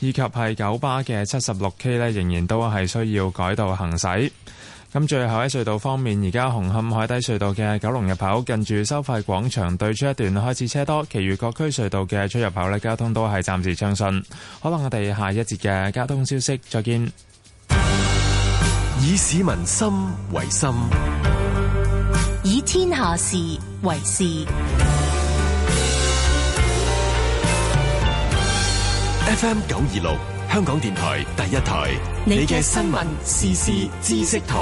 以及係九巴嘅七十六 K 呢，仍然都係需要改道行駛。咁最後喺隧道方面，而家紅磡海底隧道嘅九龍入口近住收費廣場對出一段開始車多，其餘各區隧道嘅出入口呢，交通都係暫時暢順。好喇，我哋下一節嘅交通消息，再見。以市民心為心，以天下事為事。FM 九二六，香港電台第一台，你嘅新聞時事知識台。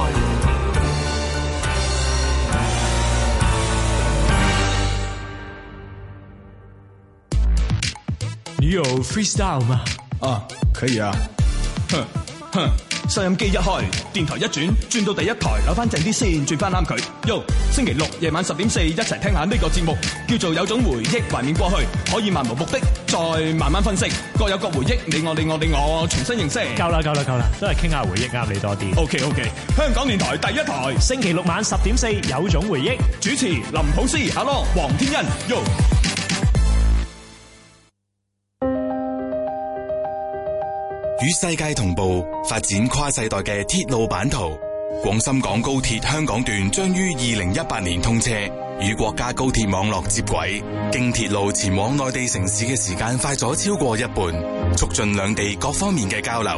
你有 freestyle 嗎？啊，uh, 可以啊，哼哼。收音機一開，電台一轉，轉到第一台，扭翻正啲先，轉翻啱佢。喲，星期六夜晚十點四，一齊聽下呢個節目，叫做《有種回憶懷緬過去》，可以漫無目的再慢慢分析，各有各回憶，你我你我你我重新認識。夠啦夠啦夠啦，都係傾下回憶呃你多啲。O K O K，香港電台第一台，星期六晚十點四，《有種回憶》，主持林普思、Hello、黃天欣。喲。與世界同步發展跨世代嘅鐵路版圖，廣深港高鐵香港段將於二零一八年通車，與國家高鐵網絡接軌，經鐵路前往內地城市嘅時間快咗超過一半，促進兩地各方面嘅交流，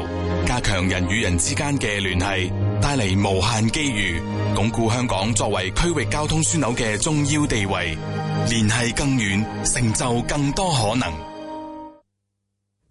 加強人與人之間嘅聯繫，帶嚟無限機遇，鞏固香港作為區域交通樞紐嘅重要地位，聯繫更遠，成就更多可能。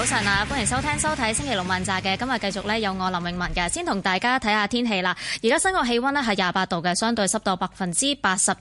早晨啊，歡迎收聽收睇星期六問責嘅，今日繼續咧有我林詠雯嘅，先同大家睇下天氣啦。而家新嘅氣溫咧係廿八度嘅，相對濕度百分之八十二，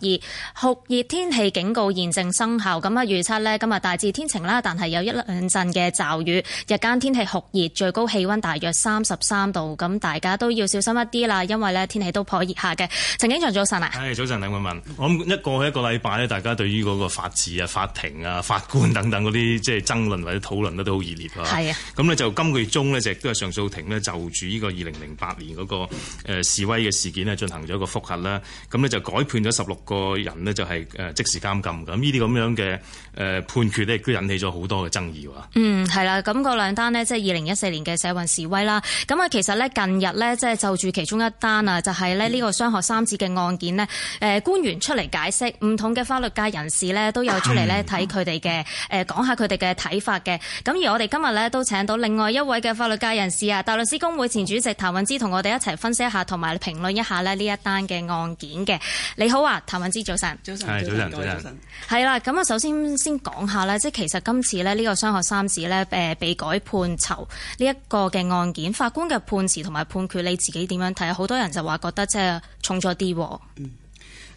酷熱天氣警告現正生效。咁啊，預測咧今日大致天晴啦，但係有一兩陣嘅驟雨。日間天氣酷熱，最高氣溫大約三十三度。咁大家都要小心一啲啦，因為咧天氣都頗熱下嘅。陳景祥，早晨啊。係早晨林詠雯，我諗一過去一個禮拜咧，大家對於嗰個法治啊、法庭啊、法官等等嗰啲即係爭論或者討論咧都好熱烈。係啊，咁咧、嗯、就今個月中呢，就亦都係上訴庭呢，就住呢個二零零八年嗰、那個、呃、示威嘅事件呢，進行咗個複核啦，咁咧就改判咗十六個人呢，就係、是、誒即時監禁咁，呢啲咁樣嘅誒、呃、判決、嗯啊、那那呢，亦都引起咗好多嘅爭議喎。嗯，係啦，咁個兩單咧即係二零一四年嘅社運示威啦，咁啊其實呢，近日呢，即係就住其中一單啊，就係咧呢個雙學三子嘅案件呢，誒、嗯呃、官員出嚟解釋，唔同嘅法律界人士呢，都有出嚟呢，睇佢哋嘅誒講下佢哋嘅睇法嘅，咁而我哋今今日咧都請到另外一位嘅法律界人士啊，大律師公會前主席譚允芝同我哋一齊分析一下，同埋評論一下咧呢一單嘅案件嘅。你好啊，譚允芝早晨。早晨，早晨，早晨。係啦，咁啊，首先先講下咧，即係其實今次咧呢個雙學三子咧誒被改判囚呢一個嘅案件，法官嘅判詞同埋判決，你自己點樣睇？好多人就話覺得即係重咗啲、嗯。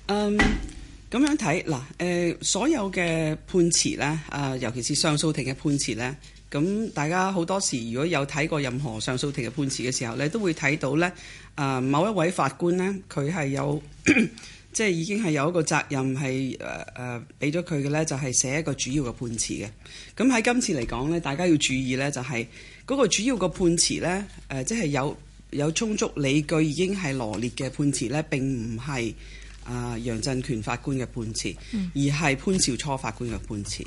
嗯，咁樣睇嗱，誒、呃，所有嘅判詞咧，啊、呃，尤其是上訴庭嘅判詞咧。咁大家好多時如果有睇過任何上訴庭嘅判詞嘅時候，你都會睇到呢啊、呃、某一位法官呢，佢係有即係、 就係、已經係有一個責任係誒誒俾咗佢嘅呢，呃呃、就係寫一個主要嘅判詞嘅。咁喺今次嚟講呢，大家要注意呢、就係，就係嗰個主要個判詞呢，誒即係有有充足理據已經係羅列嘅判詞呢，並唔係啊楊振權法官嘅判詞，嗯、而係潘兆初法官嘅判詞。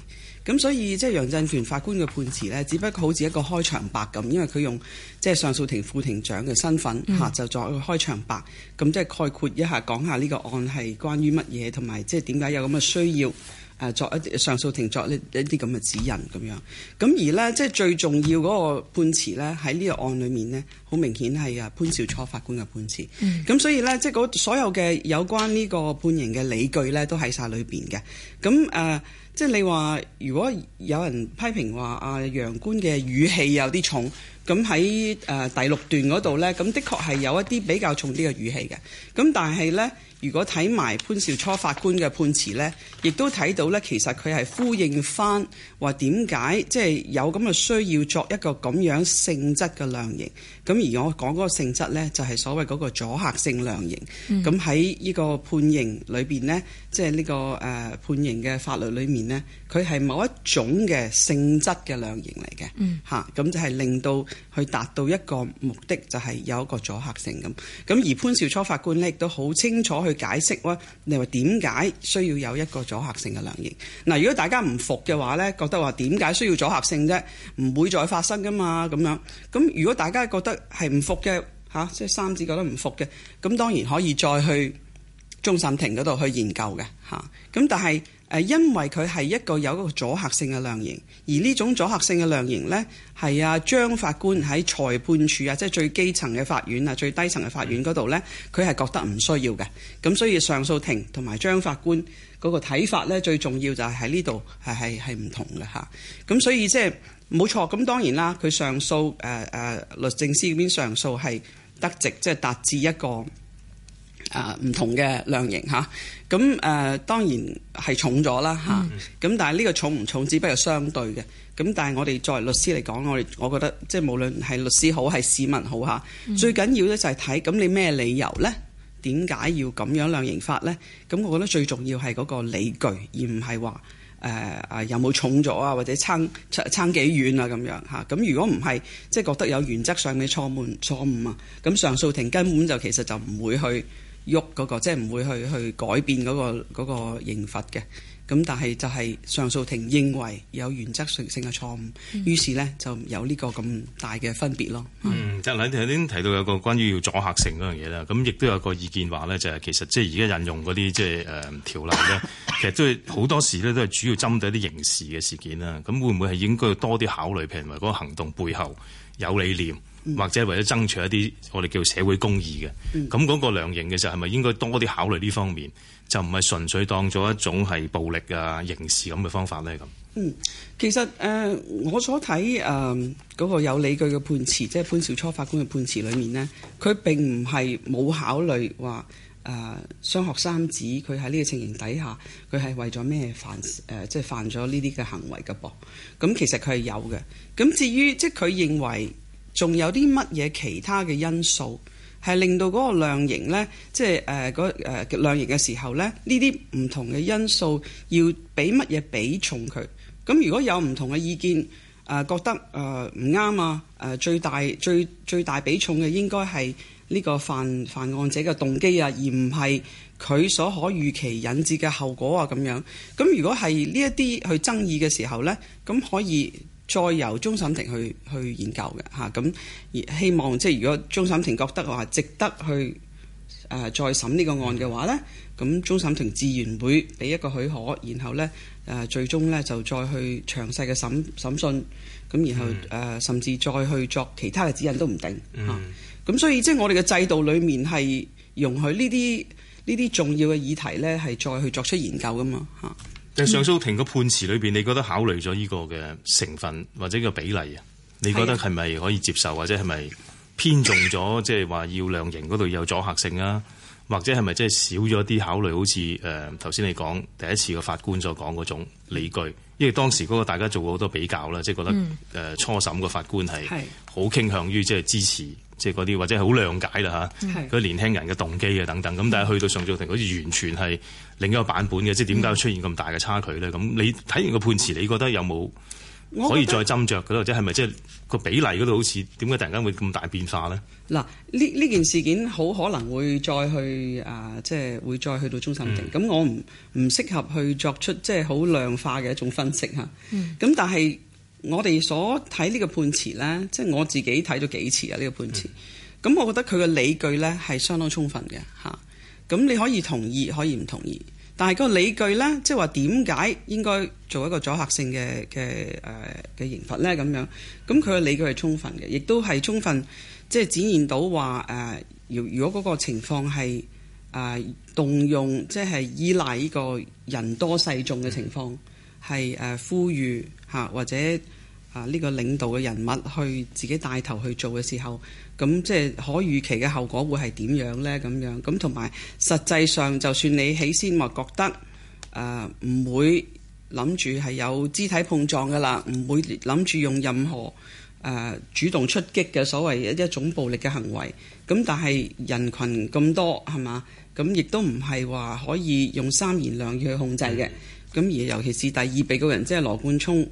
咁所以即係楊振權法官嘅判詞咧，只不過好似一個開場白咁，因為佢用即係、就是、上訴庭副庭長嘅身份嚇，嗯、就作一個開場白，咁即係概括一下講下呢個案係關於乜嘢，同埋即係點解有咁嘅需要，誒作一上訴庭作一啲咁嘅指引咁樣。咁而咧，即、就、係、是、最重要嗰個判詞咧，喺呢個案裏面咧，好明顯係啊潘兆初法官嘅判詞。咁、嗯、所以咧，即係嗰所有嘅有關呢個判刑嘅理據咧，都喺晒裏邊嘅。咁誒。呃即係你話，如果有人批評話啊，楊官嘅語氣有啲重，咁、喺、呃、第六段嗰度咧，咁的確係有一啲比較重啲嘅語氣嘅，咁但係咧。如果睇埋潘兆初法官嘅判詞咧，亦都睇到咧，其實佢係呼應翻話點解即係有咁嘅需要作一個咁樣性質嘅量刑。咁而我講個性質咧，就係、是、所謂個阻嚇性量刑。咁喺呢個判刑裏邊咧，即係呢個誒、呃、判刑嘅法律裏面咧，佢係某一種嘅性質嘅量刑嚟嘅。吓咁、嗯、就係令到佢達到一個目的，就係、是、有一個阻嚇性咁。咁而潘兆初法官咧亦都好清楚去解釋你話點解需要有一個阻嚇性嘅量刑。嗱，如果大家唔服嘅話呢，覺得話點解需要阻嚇性啫？唔會再發生噶嘛？咁樣，咁如果大家覺得係唔服嘅，嚇、啊，即係三子覺得唔服嘅，咁當然可以再去終審庭嗰度去研究嘅，嚇、啊。咁但係。誒，因為佢係一個有一個阻嚇性嘅量刑，而呢種阻嚇性嘅量刑咧，係啊張法官喺裁判處啊，即係最基層嘅法院啊，最低層嘅法院嗰度咧，佢係覺得唔需要嘅。咁所以上訴庭同埋張法官嗰個睇法咧，最重要就係喺呢度係係係唔同嘅吓，咁所以即係冇錯，咁當然啦，佢上訴誒誒、呃呃、律政司嗰邊上訴係得直，即係達至一個。啊，唔同嘅量刑吓，咁，誒當然係重咗啦，咁但係呢個重唔重，只不過相對嘅，咁但係我哋作為律師嚟講，我我覺得即係無論係律師好，係市民好吓、嗯、最緊要咧就係睇咁你咩理由咧，點解要咁樣量刑法咧？咁我覺得最重要係嗰個理據，而唔係話誒誒有冇重咗啊，或者撐撐幾遠啊咁樣嚇。咁、啊、如果唔係，即、就、係、是、覺得有原則上嘅錯誤錯誤啊，咁上訴庭根本就其實就唔會去。喐嗰個即係唔會去去改變嗰個嗰個刑罰嘅，咁但係就係上訴庭認為有原則性性嘅錯誤，於是呢就有呢個咁大嘅分別咯。嗯。嗯，就係頭先提到有個關於要阻嚇性嗰樣嘢啦，咁亦都有個意見話呢，就係其實即係而家引用嗰啲即係誒條例呢，其實都係好多時呢都係主要針對啲刑事嘅事件啦。咁會唔會係應該要多啲考慮譬如話嗰個行動背後有理念？或者為咗爭取一啲我哋叫社會公義嘅咁嗰個量刑嘅時候，係咪應該多啲考慮呢方面？就唔係純粹當咗一種係暴力啊、刑事咁嘅方法咧咁。嗯，其實誒、呃，我所睇誒嗰個有理據嘅判詞，即係潘少初法官嘅判詞裏面呢，佢並唔係冇考慮話誒雙學三子佢喺呢個情形底下佢係為咗咩犯誒、呃，即係犯咗呢啲嘅行為㗎噃。咁其實佢係有嘅。咁至於即係佢認為。仲有啲乜嘢其他嘅因素係令到嗰個量刑咧？即係誒嗰誒量刑嘅時候咧，呢啲唔同嘅因素要俾乜嘢比重佢？咁如果有唔同嘅意見誒、呃、覺得誒唔啱啊！誒最大最最大比重嘅應該係呢個犯犯案者嘅動機啊，而唔係佢所可預期引致嘅後果啊咁樣，咁如果係呢一啲去爭議嘅時候咧，咁可以。再由終審庭去去研究嘅嚇，咁、啊、而希望即係如果終審庭覺得話值得去誒、呃、再審呢個案嘅話呢，咁終審庭自然會俾一個許可，然後呢誒、呃、最終呢就再去詳細嘅審審訊，咁然後誒、嗯呃、甚至再去作其他嘅指引都唔定嚇。咁、啊嗯啊、所以即係、就是、我哋嘅制度裏面係容許呢啲呢啲重要嘅議題呢係再去作出研究㗎嘛嚇。啊上訴庭個判詞裏邊，你覺得考慮咗呢個嘅成分或者呢個比例啊？你覺得係咪可以接受，是的或者係咪偏重咗？即係話要量刑嗰度有阻嚇性啊？或者係咪即係少咗啲考慮？好似誒頭先你講第一次個法官所講嗰種理據，因為當時嗰個大家做過好多比較啦，嗯、即係覺得誒初審個法官係好傾向於即係支持。即係嗰啲或者係好諒解啦嚇，嗰年輕人嘅動機啊等等，咁但係去到上訴庭好似完全係另一個版本嘅，即係點解會出現咁大嘅差距咧？咁你睇完個判詞，你覺得有冇可以再斟酌嗰度，覺得或者係咪即係個比例嗰度好似點解突然間會咁大變化咧？嗱，呢呢件事件好可能會再去啊，即係會再去到終審庭。咁、嗯、我唔唔適合去作出即係好量化嘅一種分析嚇。咁、嗯、但係。我哋所睇呢個判詞呢，即係我自己睇咗幾次啊！呢個判詞，咁、就是我，這個、我覺得佢嘅理據呢係相當充分嘅吓。咁你可以同意，可以唔同意，但係個理據呢，即係話點解應該做一個阻嚇性嘅嘅誒嘅刑罰呢？咁樣，咁佢嘅理據係充分嘅，亦都係充分即係展現到話誒、呃，如果嗰個情況係誒、呃、動用，即、就、係、是、依賴呢個人多勢眾嘅情況，係誒、嗯呃、呼籲。啊，或者啊呢個領導嘅人物去自己帶頭去做嘅時候，咁即係可預期嘅後果會係點樣呢？咁樣咁同埋實際上，就算你起先話覺得誒唔會諗住係有肢體碰撞嘅啦，唔會諗住用任何誒主動出擊嘅所謂一一種暴力嘅行為，咁但係人群咁多係嘛？咁亦都唔係話可以用三言兩語去控制嘅。咁而尤其是第二被告人即係羅冠聰。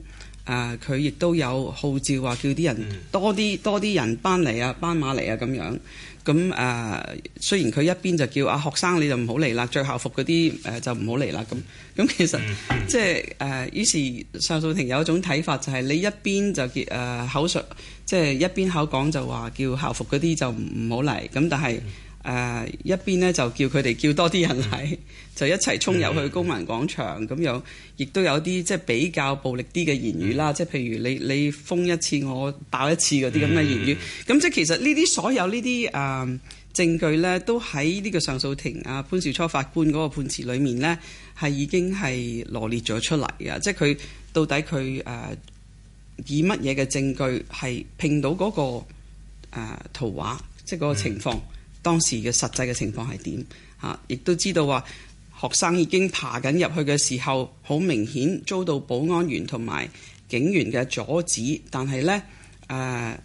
誒佢亦都有號召話叫啲人多啲多啲人班嚟啊，斑馬嚟啊咁樣。咁、啊、誒，雖然佢一邊就叫啊學生你就唔好嚟啦，着校服嗰啲誒就唔好嚟啦咁。咁其實即係誒，於是上訴庭有一種睇法就係你一邊就叫誒、呃、口述，即、就、係、是、一邊口講就話叫校服嗰啲就唔唔好嚟。咁但係。 誒、uh, 一邊呢，就叫佢哋叫多啲人嚟，mm hmm. 就一齊衝入去公民廣場咁樣、mm hmm. 亦都有啲即係比較暴力啲嘅言語啦。即係、mm hmm. 譬如你你封一次，我爆一次嗰啲咁嘅言語。咁、mm hmm. 即係其實呢啲所有呢啲誒證據呢，都喺呢個上訴庭啊，潘少初潘兆初法官嗰個判詞裡面呢，係已經係羅列咗出嚟嘅。即係佢到底佢誒、呃、以乜嘢嘅證據係拼到嗰、那個誒、呃、圖畫，即係嗰個情況。Mm hmm. 當時嘅實際嘅情況係點？嚇，亦都知道話學生已經爬緊入去嘅時候，好明顯遭到保安員同埋警員嘅阻止。但係呢，誒、呃、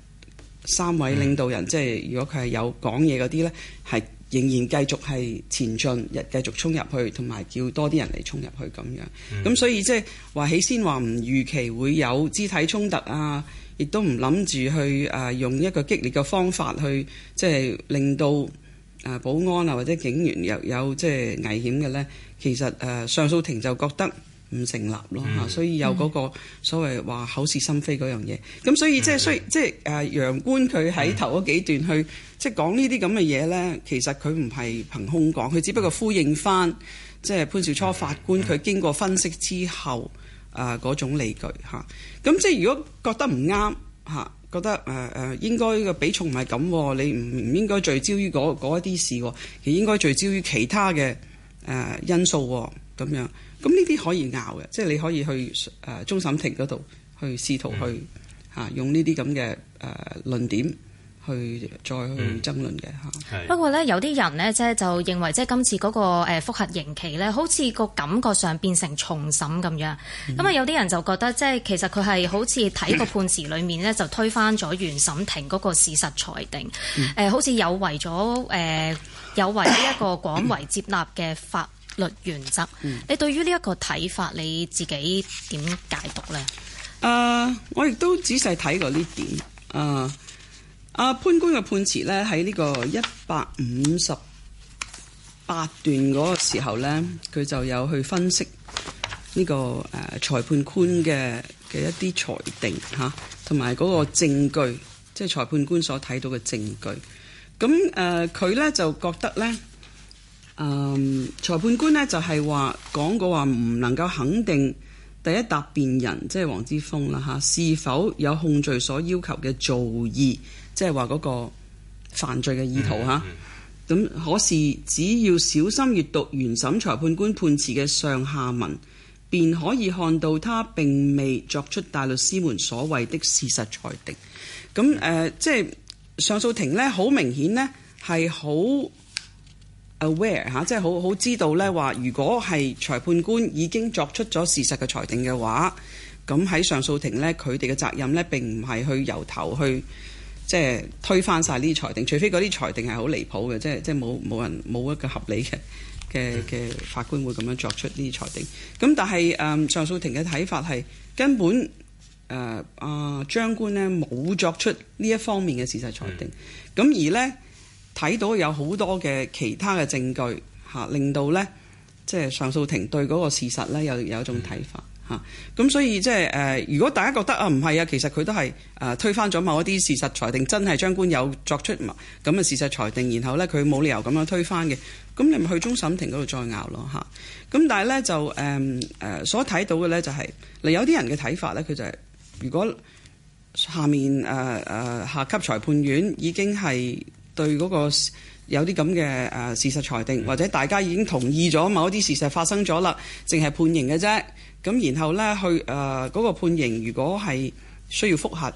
三位領導人即係如果佢係有講嘢嗰啲呢，係仍然繼續係前進，日繼續衝入去，同埋叫多啲人嚟衝入去咁樣。咁、嗯、所以即係話起先話唔預期會有肢體衝突啊。亦都唔諗住去啊，用一個激烈嘅方法去，即係令到啊保安啊或者警員又有即係危險嘅咧。其實誒上訴庭就覺得唔成立咯嚇，嗯、所以有嗰個所謂話口是心非嗰樣嘢。咁、嗯、所以即係雖即係誒楊官佢喺頭嗰幾段去即係、嗯、講呢啲咁嘅嘢咧，其實佢唔係憑空講，佢只不過呼應翻即係潘兆初法官佢經過分析之後。啊，嗰種理據嚇，咁、啊、即係如果覺得唔啱嚇，覺得誒誒、啊、應該個比重唔係咁，你唔唔應該聚焦於嗰嗰一啲事，而、啊、應該聚焦於其他嘅誒、啊、因素咁、啊、樣。咁呢啲可以拗嘅，即係你可以去誒、啊、終審庭嗰度去試圖去嚇、啊、用呢啲咁嘅誒論點。去再去爭論嘅嚇，嗯、是不過咧有啲人咧，即係就認為即係今次嗰個誒復核刑期咧，好似個感覺上變成重審咁樣。咁啊、嗯、有啲人就覺得即係其實佢係好似睇個判詞裡面咧，就推翻咗原審庭嗰個事實裁定，誒、嗯呃、好似有違咗誒、呃、有違呢一個廣為接納嘅法律原則。嗯、你對於呢一個睇法，你自己點解讀咧？誒、呃，我亦都仔細睇過呢點，誒、呃。阿潘、啊、官嘅判詞咧，喺呢個一百五十八段嗰個時候咧，佢就有去分析呢、這個誒、啊、裁判官嘅嘅一啲裁定吓，同埋嗰個證據，即係裁判官所睇到嘅證據。咁誒，佢、啊、咧就覺得咧，嗯、啊，裁判官咧就係話講過話唔能夠肯定第一答辯人即係、就是、黃之峰啦吓，是否有控罪所要求嘅造意。即係話嗰個犯罪嘅意圖吓，咁、mm hmm. 可是只要小心閱讀原審裁判官判詞嘅上下文，便可以看到他並未作出大律師們所謂的事實裁定。咁誒、mm hmm. 呃，即係上訴庭呢，好明顯呢係好 aware 吓，即係好好知道呢。話，如果係裁判官已經作出咗事實嘅裁定嘅話，咁喺上訴庭呢，佢哋嘅責任呢並唔係去由頭去。即係推翻晒呢啲裁定，除非嗰啲裁定係好離譜嘅，即係即係冇冇人冇一個合理嘅嘅嘅法官會咁樣作出呢啲裁定。咁但係誒、呃、上訴庭嘅睇法係根本誒啊張官呢冇作出呢一方面嘅事實裁定。咁、嗯、而呢，睇到有好多嘅其他嘅證據吓令到呢，即係上訴庭對嗰個事實呢，有有一種睇法。嚇咁，啊、所以即係誒。如果大家覺得啊，唔係啊，其實佢都係誒推翻咗某一啲事實裁定，真係張官有作出咁嘅事實裁定，然後咧佢冇理由咁樣推翻嘅。咁你咪去終審庭嗰度再拗咯嚇。咁、啊、但係咧就誒誒、啊、所睇到嘅咧就係、是，嚟有啲人嘅睇法咧、就是，佢就係如果下面誒誒、啊啊、下級裁判院已經係對嗰個有啲咁嘅誒事實裁定，或者大家已經同意咗某一啲事實發生咗啦，淨係判刑嘅啫。咁然後咧去誒嗰、呃那個判刑，如果係需要復核，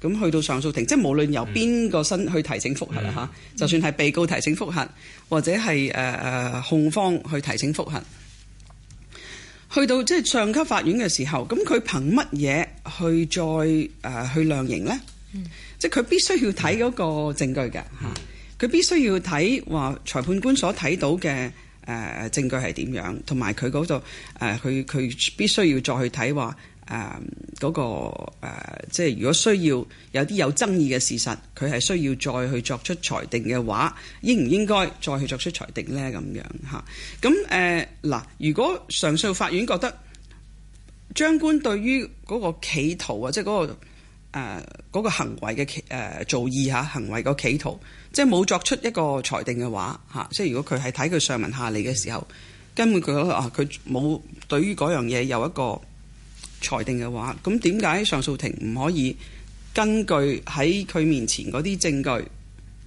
咁去到上訴庭，即係無論由邊個身去提請復核，就算係被告提請復核，或者係誒、呃、控方去提請復核，去到即係上級法院嘅時候，咁佢憑乜嘢去再、呃、去量刑咧？嗯、即係佢必須要睇嗰個證據嘅，佢、嗯嗯、必須要睇話裁判官所睇到嘅。誒、呃、證據係點樣？同埋佢嗰度誒，佢、呃、佢必須要再去睇話誒嗰、呃嗰個、呃、即係如果需要有啲有爭議嘅事實，佢係需要再去作出裁定嘅話，應唔應該再去作出裁定咧？咁樣嚇咁誒嗱，如果上訴法院覺得張官對於嗰個企圖啊，即係嗰個誒嗰個行為嘅誒造意嚇行為個企圖。即係冇作出一個裁定嘅話，嚇，即係如果佢係睇佢上文下理嘅時候，根本佢覺得啊，佢冇對於嗰樣嘢有一個裁定嘅話，咁點解上訴庭唔可以根據喺佢面前嗰啲證據，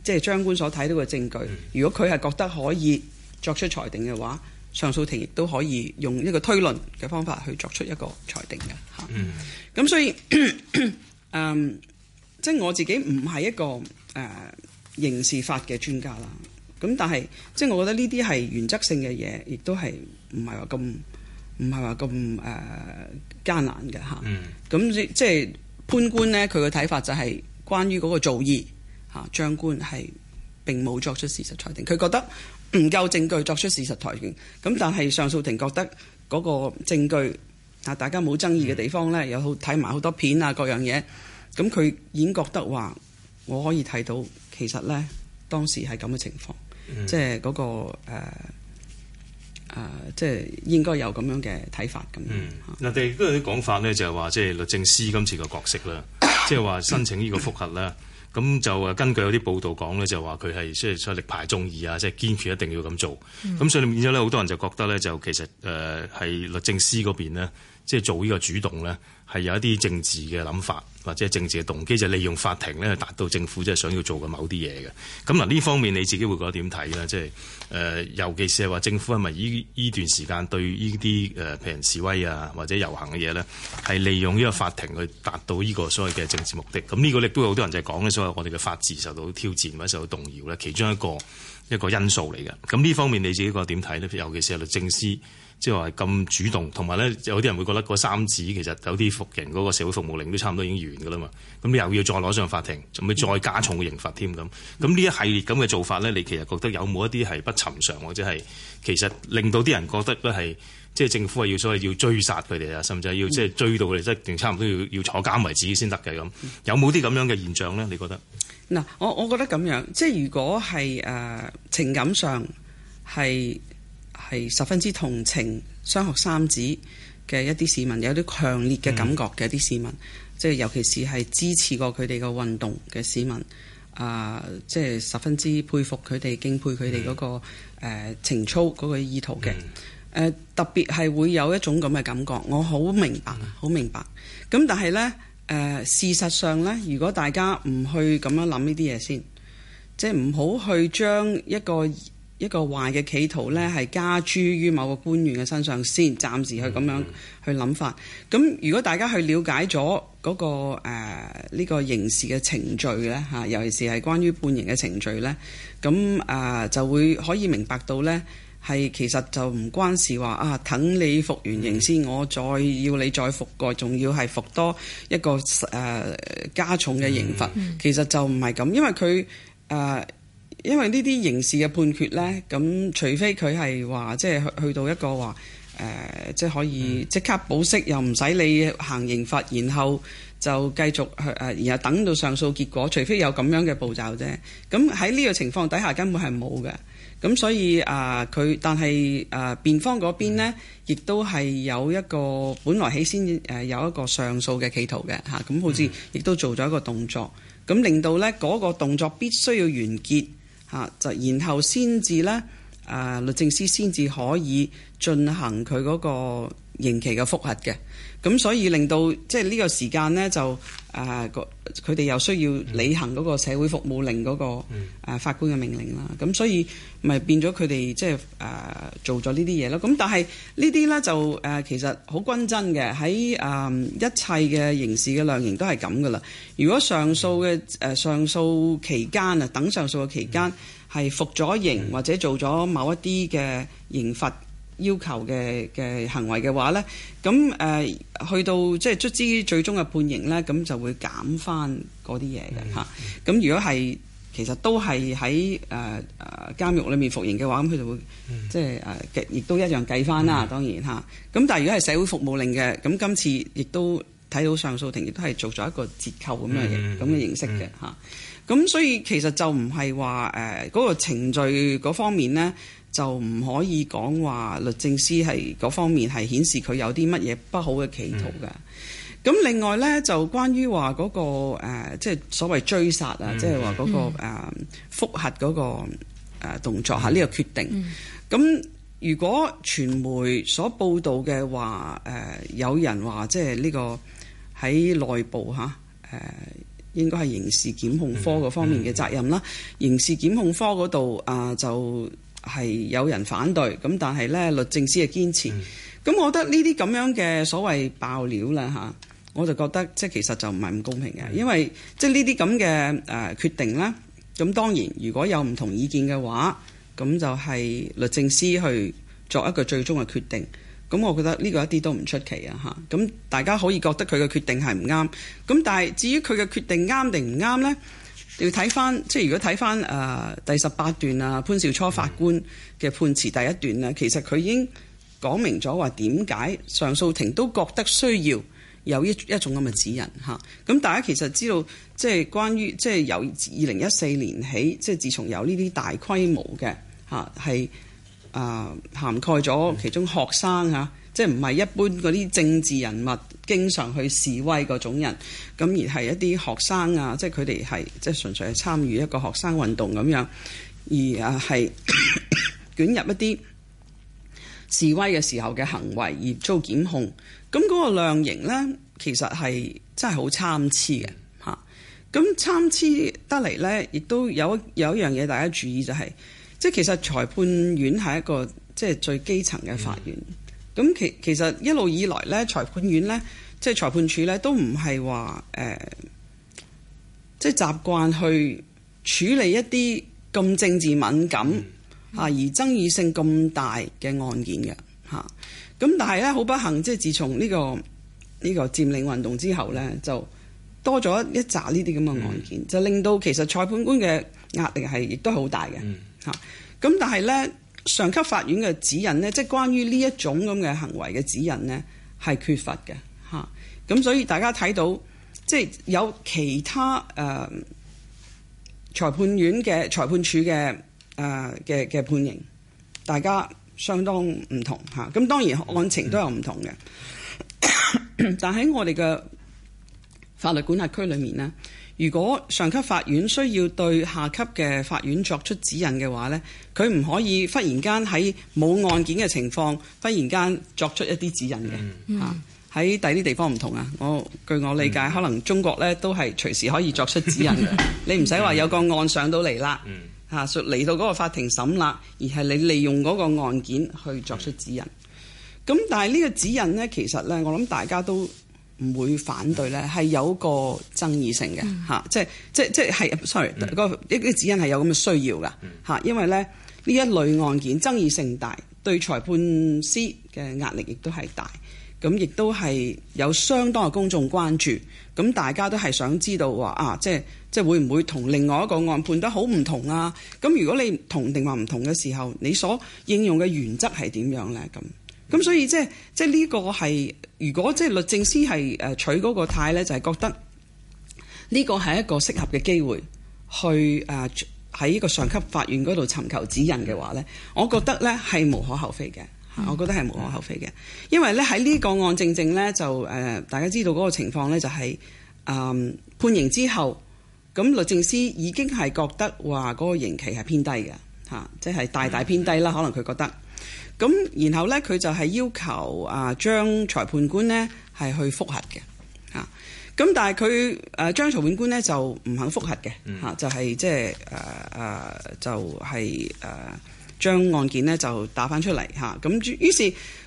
即係張官所睇到嘅證據？如果佢係覺得可以作出裁定嘅話，上訴庭亦都可以用一個推論嘅方法去作出一個裁定嘅嚇。咁、嗯、所以，嗯、 呃，即係我自己唔係一個誒。呃刑事法嘅專家啦，咁但係即係我覺得呢啲係原則性嘅嘢，亦都係唔係話咁唔係話咁誒艱難嘅嚇。咁、mm. 啊、即即係潘官呢，佢嘅睇法就係關於嗰個造意嚇、啊，張官係並冇作出事實裁定，佢覺得唔夠證據作出事實裁定。咁但係上訴庭覺得嗰個證據，大家冇爭議嘅地方呢，mm. 有睇埋好多片啊，各樣嘢，咁、啊、佢已經覺得話我可以睇到。其實咧，當時係咁嘅情況，即係嗰個誒即係應該有咁樣嘅睇法咁。嗱、嗯，哋都樣、嗯、有啲講法咧，就係話即係律政司今次嘅角色啦，即係話申請呢個複核啦。咁 就誒根據有啲報道講咧，就話佢係即係力排眾議啊，即、就、係、是就是、堅決一定要咁做。咁、嗯、所以變咗咧，好多人就覺得咧，就其實誒係、呃、律政司嗰邊咧。即係做呢個主動咧，係有一啲政治嘅諗法，或者係政治嘅動機，就係利用法庭咧，去達到政府即係想要做嘅某啲嘢嘅。咁嗱，呢方面你自己會覺得點睇咧？即係誒，尤其是係話政府係咪依依段時間對呢啲誒譬如示威啊或者遊行嘅嘢咧，係利用呢個法庭去達到呢個所謂嘅政治目的？咁呢個亦都有好多人就係講咧，所謂我哋嘅法治受到挑戰或者受到動搖咧，其中一個一個因素嚟嘅。咁呢方面你自己覺得點睇咧？尤其是喺律政司。即係話咁主動，同埋咧有啲人會覺得嗰三子其實有啲服刑嗰個社會服務令都差唔多已經完㗎啦嘛，咁你又要再攞上法庭，仲要再加重個刑罰添咁，咁呢一系列咁嘅做法咧，你其實覺得有冇一啲係不尋常或者係其實令到啲人覺得都係即係政府係要所謂要追殺佢哋啊，甚至係要即係追到佢哋即係定差唔多要要坐監為止先得嘅咁，有冇啲咁樣嘅現象咧？你覺得嗱，我我覺得咁樣，即係如果係誒、呃、情感上係。係十分之同情雙學三子嘅一啲市民，有啲強烈嘅感覺嘅啲市民，即係、嗯、尤其是係支持過佢哋個運動嘅市民，啊、呃，即、就、係、是、十分之佩服佢哋、敬佩佢哋嗰個、嗯呃、情操、嗰個意圖嘅。誒、嗯呃、特別係會有一種咁嘅感覺，我好明白，好、嗯、明白。咁但係呢，誒、呃、事實上呢，如果大家唔去咁樣諗呢啲嘢先，即係唔好去將一個。一個壞嘅企圖呢，係加諸於某個官員嘅身上先，暫時去咁樣去諗法。咁、嗯嗯、如果大家去了解咗嗰、那個呢、呃這個刑事嘅程序呢，嚇，尤其是係關於判刑嘅程序呢，咁啊、呃、就會可以明白到呢，係其實就唔關事話啊，等你服完刑先，嗯、我再要你再服過，仲要係服多一個誒、呃、加重嘅刑罰。嗯、其實就唔係咁，因為佢誒。呃因為呢啲刑事嘅判決呢，咁除非佢係話即係去到一個話、呃、即係可以即刻保釋，又唔使你行刑罰，然後就繼續去、呃、然後等到上訴結果，除非有咁樣嘅步驟啫。咁喺呢個情況底下，根本係冇嘅。咁所以啊，佢、呃、但係啊，辯、呃、方嗰邊呢，亦都係有一個本來起先有一個上訴嘅企圖嘅嚇，咁好似亦都做咗一個動作，咁令到呢嗰、這個動作必須要完結。啊！就然後先至咧，誒、呃，律政司先至可以進行佢嗰、那個。刑期嘅複核嘅，咁所以令到即係呢個時間呢，就誒佢哋又需要履行嗰個社會服務令嗰、那個、嗯啊、法官嘅命令啦，咁所以咪變咗佢哋即係誒、呃、做咗呢啲嘢咯。咁但係呢啲呢，就誒、呃、其實好均真嘅，喺誒、呃、一切嘅刑事嘅量刑都係咁噶啦。如果上訴嘅誒上訴期間啊，等上訴嘅期間係服咗刑、嗯、或者做咗某一啲嘅刑罰。要求嘅嘅行為嘅話咧，咁誒、呃、去到即係卒之最終嘅判刑咧，咁就會減翻嗰啲嘢嘅嚇。咁、mm hmm. 啊、如果係其實都係喺誒誒監獄裏面服刑嘅話，咁佢就會、mm hmm. 即係誒亦都一樣計翻啦。當然嚇。咁、啊、但係如果係社會服務令嘅，咁今次亦都睇到上訴庭亦都係做咗一個折扣咁樣咁嘅形式嘅嚇。咁、啊、所以其實就唔係話誒嗰個程序嗰方面咧。就唔可以講話律政司係嗰方面係顯示佢有啲乜嘢不好嘅企圖㗎。咁、mm. 另外呢，就關於話嗰、那個即係、呃就是、所謂追殺啊，即係話嗰個誒覆、呃、核嗰、那個誒、呃、動作嚇呢個決定。咁、mm. 如果傳媒所報道嘅話，誒、呃、有人話即係呢個喺內部嚇誒、呃，應該係刑事檢控科嗰方面嘅責任啦。Mm. Mm. 刑事檢控科嗰度啊就。係有人反對，咁但係呢律政司嘅堅持，咁、嗯、我覺得呢啲咁樣嘅所謂爆料啦嚇，我就覺得即係其實就唔係唔公平嘅，嗯、因為即係呢啲咁嘅誒決定咧，咁當然如果有唔同意見嘅話，咁就係律政司去作一個最終嘅決定，咁我覺得呢個一啲都唔出奇啊嚇，咁大家可以覺得佢嘅決定係唔啱，咁但係至於佢嘅決定啱定唔啱呢？要睇翻，即係如果睇翻誒第十八段啊，潘兆初法官嘅判詞第一段咧，其實佢已經講明咗話點解上訴庭都覺得需要有一一種咁嘅指引嚇。咁、啊、大家其實知道，即係關於即係由二零一四年起，即係自從有呢啲大規模嘅嚇係誒涵蓋咗其中學生嚇。啊。即係唔係一般嗰啲政治人物經常去示威嗰種人，咁而係一啲學生啊，即係佢哋係即純粹係參與一個學生運動咁樣，而係 捲入一啲示威嘅時候嘅行為而遭檢控。咁、那、嗰個量刑咧，其實係真係好參差嘅嚇。咁參差得嚟咧，亦都有一有一樣嘢大家注意就係、是，即係其實裁判院係一個即係最基層嘅法院。嗯咁其其實一路以來咧，裁判院咧，即係裁判處咧，都唔係話誒，即係習慣去處理一啲咁政治敏感嚇而爭議性咁大嘅案件嘅嚇。咁、嗯、但係咧，好不幸，即係自從呢個呢個佔領運動之後咧，就多咗一紮呢啲咁嘅案件，嗯、就令到其實裁判官嘅壓力係亦都好大嘅嚇。咁、嗯、但係咧。上級法院嘅指引呢，即係關於呢一種咁嘅行為嘅指引呢，係缺乏嘅嚇。咁、啊、所以大家睇到，即係有其他誒、呃、裁判院嘅裁判處嘅誒嘅嘅判刑，大家相當唔同嚇。咁、啊、當然案情都有唔同嘅，嗯、但喺我哋嘅法律管轄區裏面呢。如果上級法院需要對下級嘅法院作出指引嘅話，呢佢唔可以忽然間喺冇案件嘅情況忽然間作出一啲指引嘅。嚇，喺第啲地方唔同啊！我據我理解，mm. 可能中國咧，都係隨時可以作出指引嘅。 你唔使話有個案上到嚟，mm. 啊、來到嚟啦，吓嚟到嗰個法庭審啦，而係你利用嗰個案件去作出指引。咁但係呢個指引咧，其實咧，我諗大家都。唔會反對咧，係有個爭議性嘅嚇、嗯，即係即係即係，sorry，嗰個一啲指引係有咁嘅需要噶嚇，嗯、因為咧呢一類案件爭議性大，對裁判司嘅壓力亦都係大，咁亦都係有相當嘅公眾關注，咁大家都係想知道話啊，即係即係會唔會同另外一個案判得好唔同啊？咁如果你同定話唔同嘅時候，你所應用嘅原則係點樣咧？咁咁所以即係即係呢個係如果即係律政司係誒取嗰個態咧，就係、是、覺得呢個係一個適合嘅機會去喺呢個上級法院嗰度尋求指引嘅話咧，我覺得咧係無可厚非嘅，嗯、我覺得係無可厚非嘅，因為咧喺呢個案正正咧就、呃、大家知道嗰個情況咧就係、是、誒、呃、判刑之後，咁律政司已經係覺得話嗰個刑期係偏低嘅嚇，即係大大偏低啦，可能佢覺得。咁，然後咧，佢就係要求啊，將裁判官呢係去復核嘅，啊，咁但係佢將裁判官呢就唔肯復核嘅、嗯就係呃，就係即係誒誒，就係誒將案件呢就打翻出嚟嚇，咁於是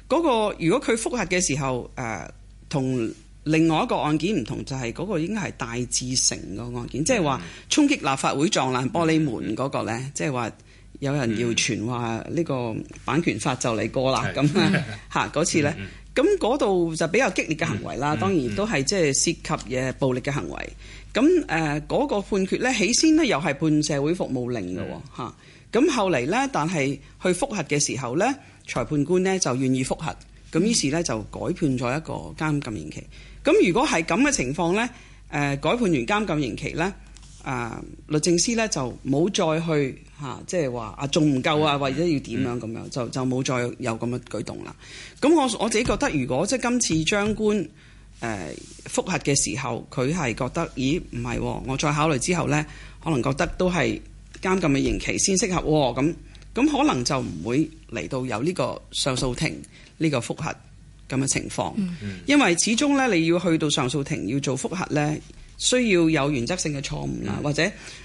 嗰、那個如果佢復核嘅時候誒，同、呃、另外一個案件唔同，就係、是、嗰個應該係戴志成個案件，嗯、即係話衝擊立法會撞爛玻璃門嗰、那個咧，嗯、即係話。有人謠傳話呢個版權法就嚟過啦，咁嗰次呢，咁嗰度就比較激烈嘅行為啦。當然都係即係涉及嘅暴力嘅行為。咁嗰、呃嗰個判決呢，起先呢又係判社會服務令嘅喎，咁後嚟呢，但係去覆核嘅時候呢，裁判官呢就願意覆核，咁於是呢，就改判咗一個監禁刑期。咁如果係咁嘅情況呢、呃，改判完監禁刑期呢，呃、律政司呢就冇再去。嚇，即係話啊，仲唔夠啊？或者要點樣咁樣？就就冇再有咁嘅舉動啦。咁我我自己覺得，如果即係今次張官誒複核嘅時候，佢係覺得咦唔係、哦，我再考慮之後呢，可能覺得都係監禁嘅刑期先適合咁，咁、哦、可能就唔會嚟到有呢個上訴庭呢、呢個複核咁嘅情況。因為始終呢，你要去到上訴庭要做複核呢，需要有原則性嘅錯誤啦，嗯、或者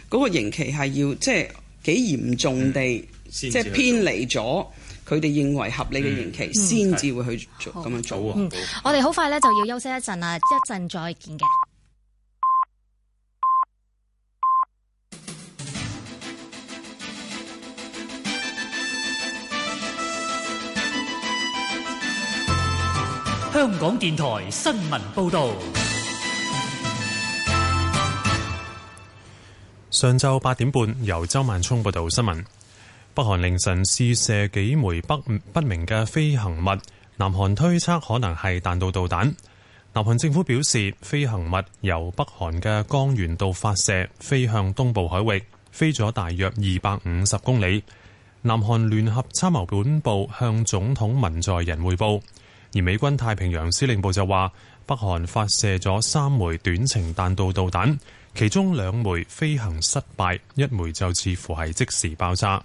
嗰個刑期係要即係。幾嚴重地，嗯、即係偏離咗佢哋認為合理嘅刑期，先至、嗯、會去做咁、嗯、樣做。好嗯，我哋好快咧就要休息一陣啦，一陣再見嘅。香港電台新聞報導。上晝八點半，由周萬聰報道新聞。北韓凌晨試射幾枚不明嘅飛行物，南韓推測可能係彈道導彈。南韓政府表示，飛行物由北韓嘅江原道發射，飛向東部海域，飛咗大約二百五十公里。南韓聯合參謀本部向總統文在寅匯報，而美軍太平洋司令部就話，北韓發射咗三枚短程彈道導彈。其中兩枚飛行失敗，一枚就似乎係即時爆炸。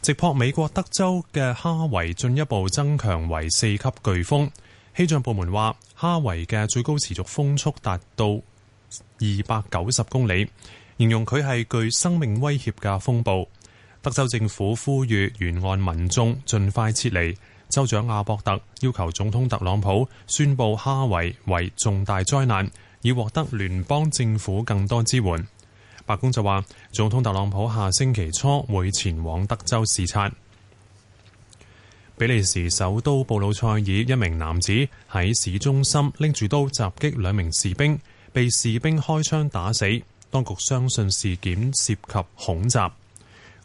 直撲美國德州嘅哈維進一步增強為四級颶風，氣象部門話哈維嘅最高持續風速達到二百九十公里，形容佢係具生命威脅嘅風暴。德州政府呼籲沿岸民眾盡快撤離，州長阿博特要求總統特朗普宣布哈維為重大災難。以獲得聯邦政府更多支援，白宮就話總統特朗普下星期初會前往德州視察。比利時首都布魯塞爾一名男子喺市中心拎住刀襲擊兩名士兵，被士兵開槍打死。當局相信事件涉及恐襲。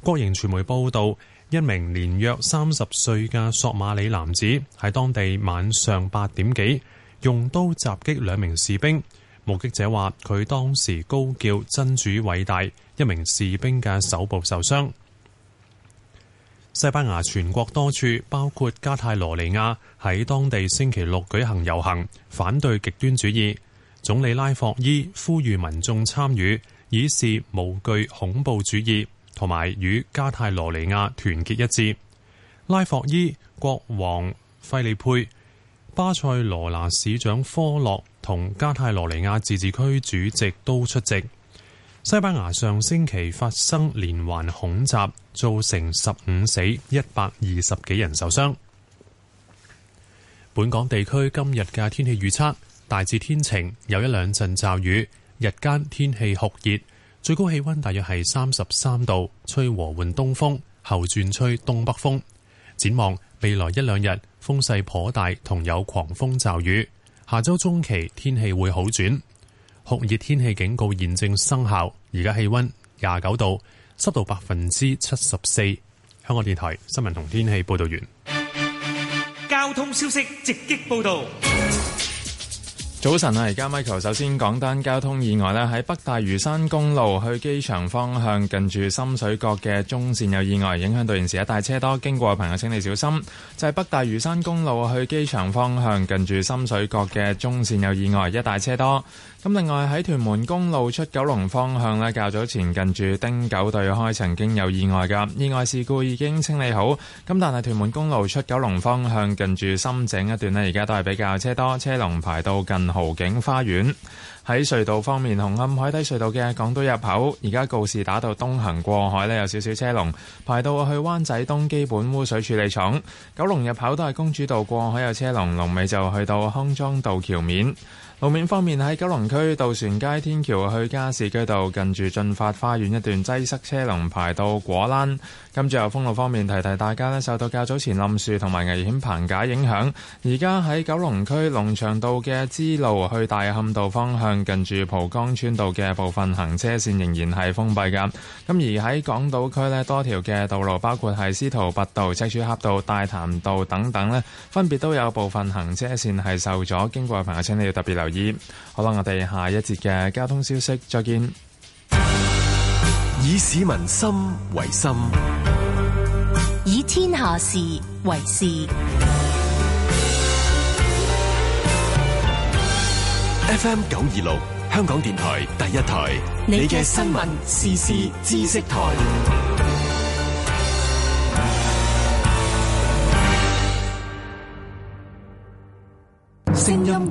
國營傳媒報道，一名年約三十歲嘅索馬里男子喺當地晚上八點幾用刀襲擊兩名士兵。目擊者話佢當時高叫真主偉大，一名士兵嘅手部受傷。西班牙全國多處，包括加泰羅尼亞，喺當地星期六舉行遊行，反對極端主義。總理拉霍伊呼籲民眾參與，以示無懼恐怖主義，同埋與加泰羅尼亞團結一致。拉霍伊、國王費利佩、巴塞羅那市長科洛。同加泰羅尼亞自治區主席都出席。西班牙上星期發生連環恐襲，造成十五死一百二十幾人受傷。本港地區今日嘅天氣預測大致天晴，有一兩陣驟雨，日間天氣酷熱，最高氣溫大約係三十三度，吹和緩東風，後轉吹東北風。展望未來一兩日，風勢頗大，同有狂風驟雨。下周中期天氣會好轉，酷熱天氣警告現正生效。而家氣溫廿九度，濕度百分之七十四。香港電台新聞同天氣報道員。交通消息直擊報道。早晨啊，而家 Michael 首先講單交通意外啦，喺北大嶼山公路去機場方向近住深水角嘅中線有意外，影響到現時一帶車多，經過嘅朋友請你小心。就係北大嶼山公路去機場方向近住深水角嘅中線有意外，一帶車多。咁另外喺屯門公路出九龍方向呢，較早前近住汀九對開曾經有意外嘅意外事故，已經清理好。咁但係屯門公路出九龍方向近住深井一段呢，而家都係比較車多，車龍排到近豪景花園。喺隧道方面，紅磡海底隧道嘅港島入口，而家告示打到東行過海呢，有少少車龍排到去灣仔東基本污水處理廠。九龍入口都係公主道過海有車龍，龍尾就去到康莊道橋面。路面方面，喺九龍區渡船街天橋去加士居道近住駿發花園一段擠塞，車龍排到果欄。跟住由封路方面提提大家咧，受到較早前冧樹同埋危險棚架影響，而家喺九龍區農場道嘅支路去大磡道方向，近住蒲崗村道嘅部分行車線仍然係封閉噶。咁而喺港島區咧，多條嘅道路包括係司徒拔道、赤柱峽道、大潭道等等咧，分別都有部分行車線係受阻，經過嘅朋友請你要特別留意。好啦，我哋下一節嘅交通消息再見。以市民心為心，以天下事為事。FM 九二六，香港電台第一台，你嘅新聞時事知識台。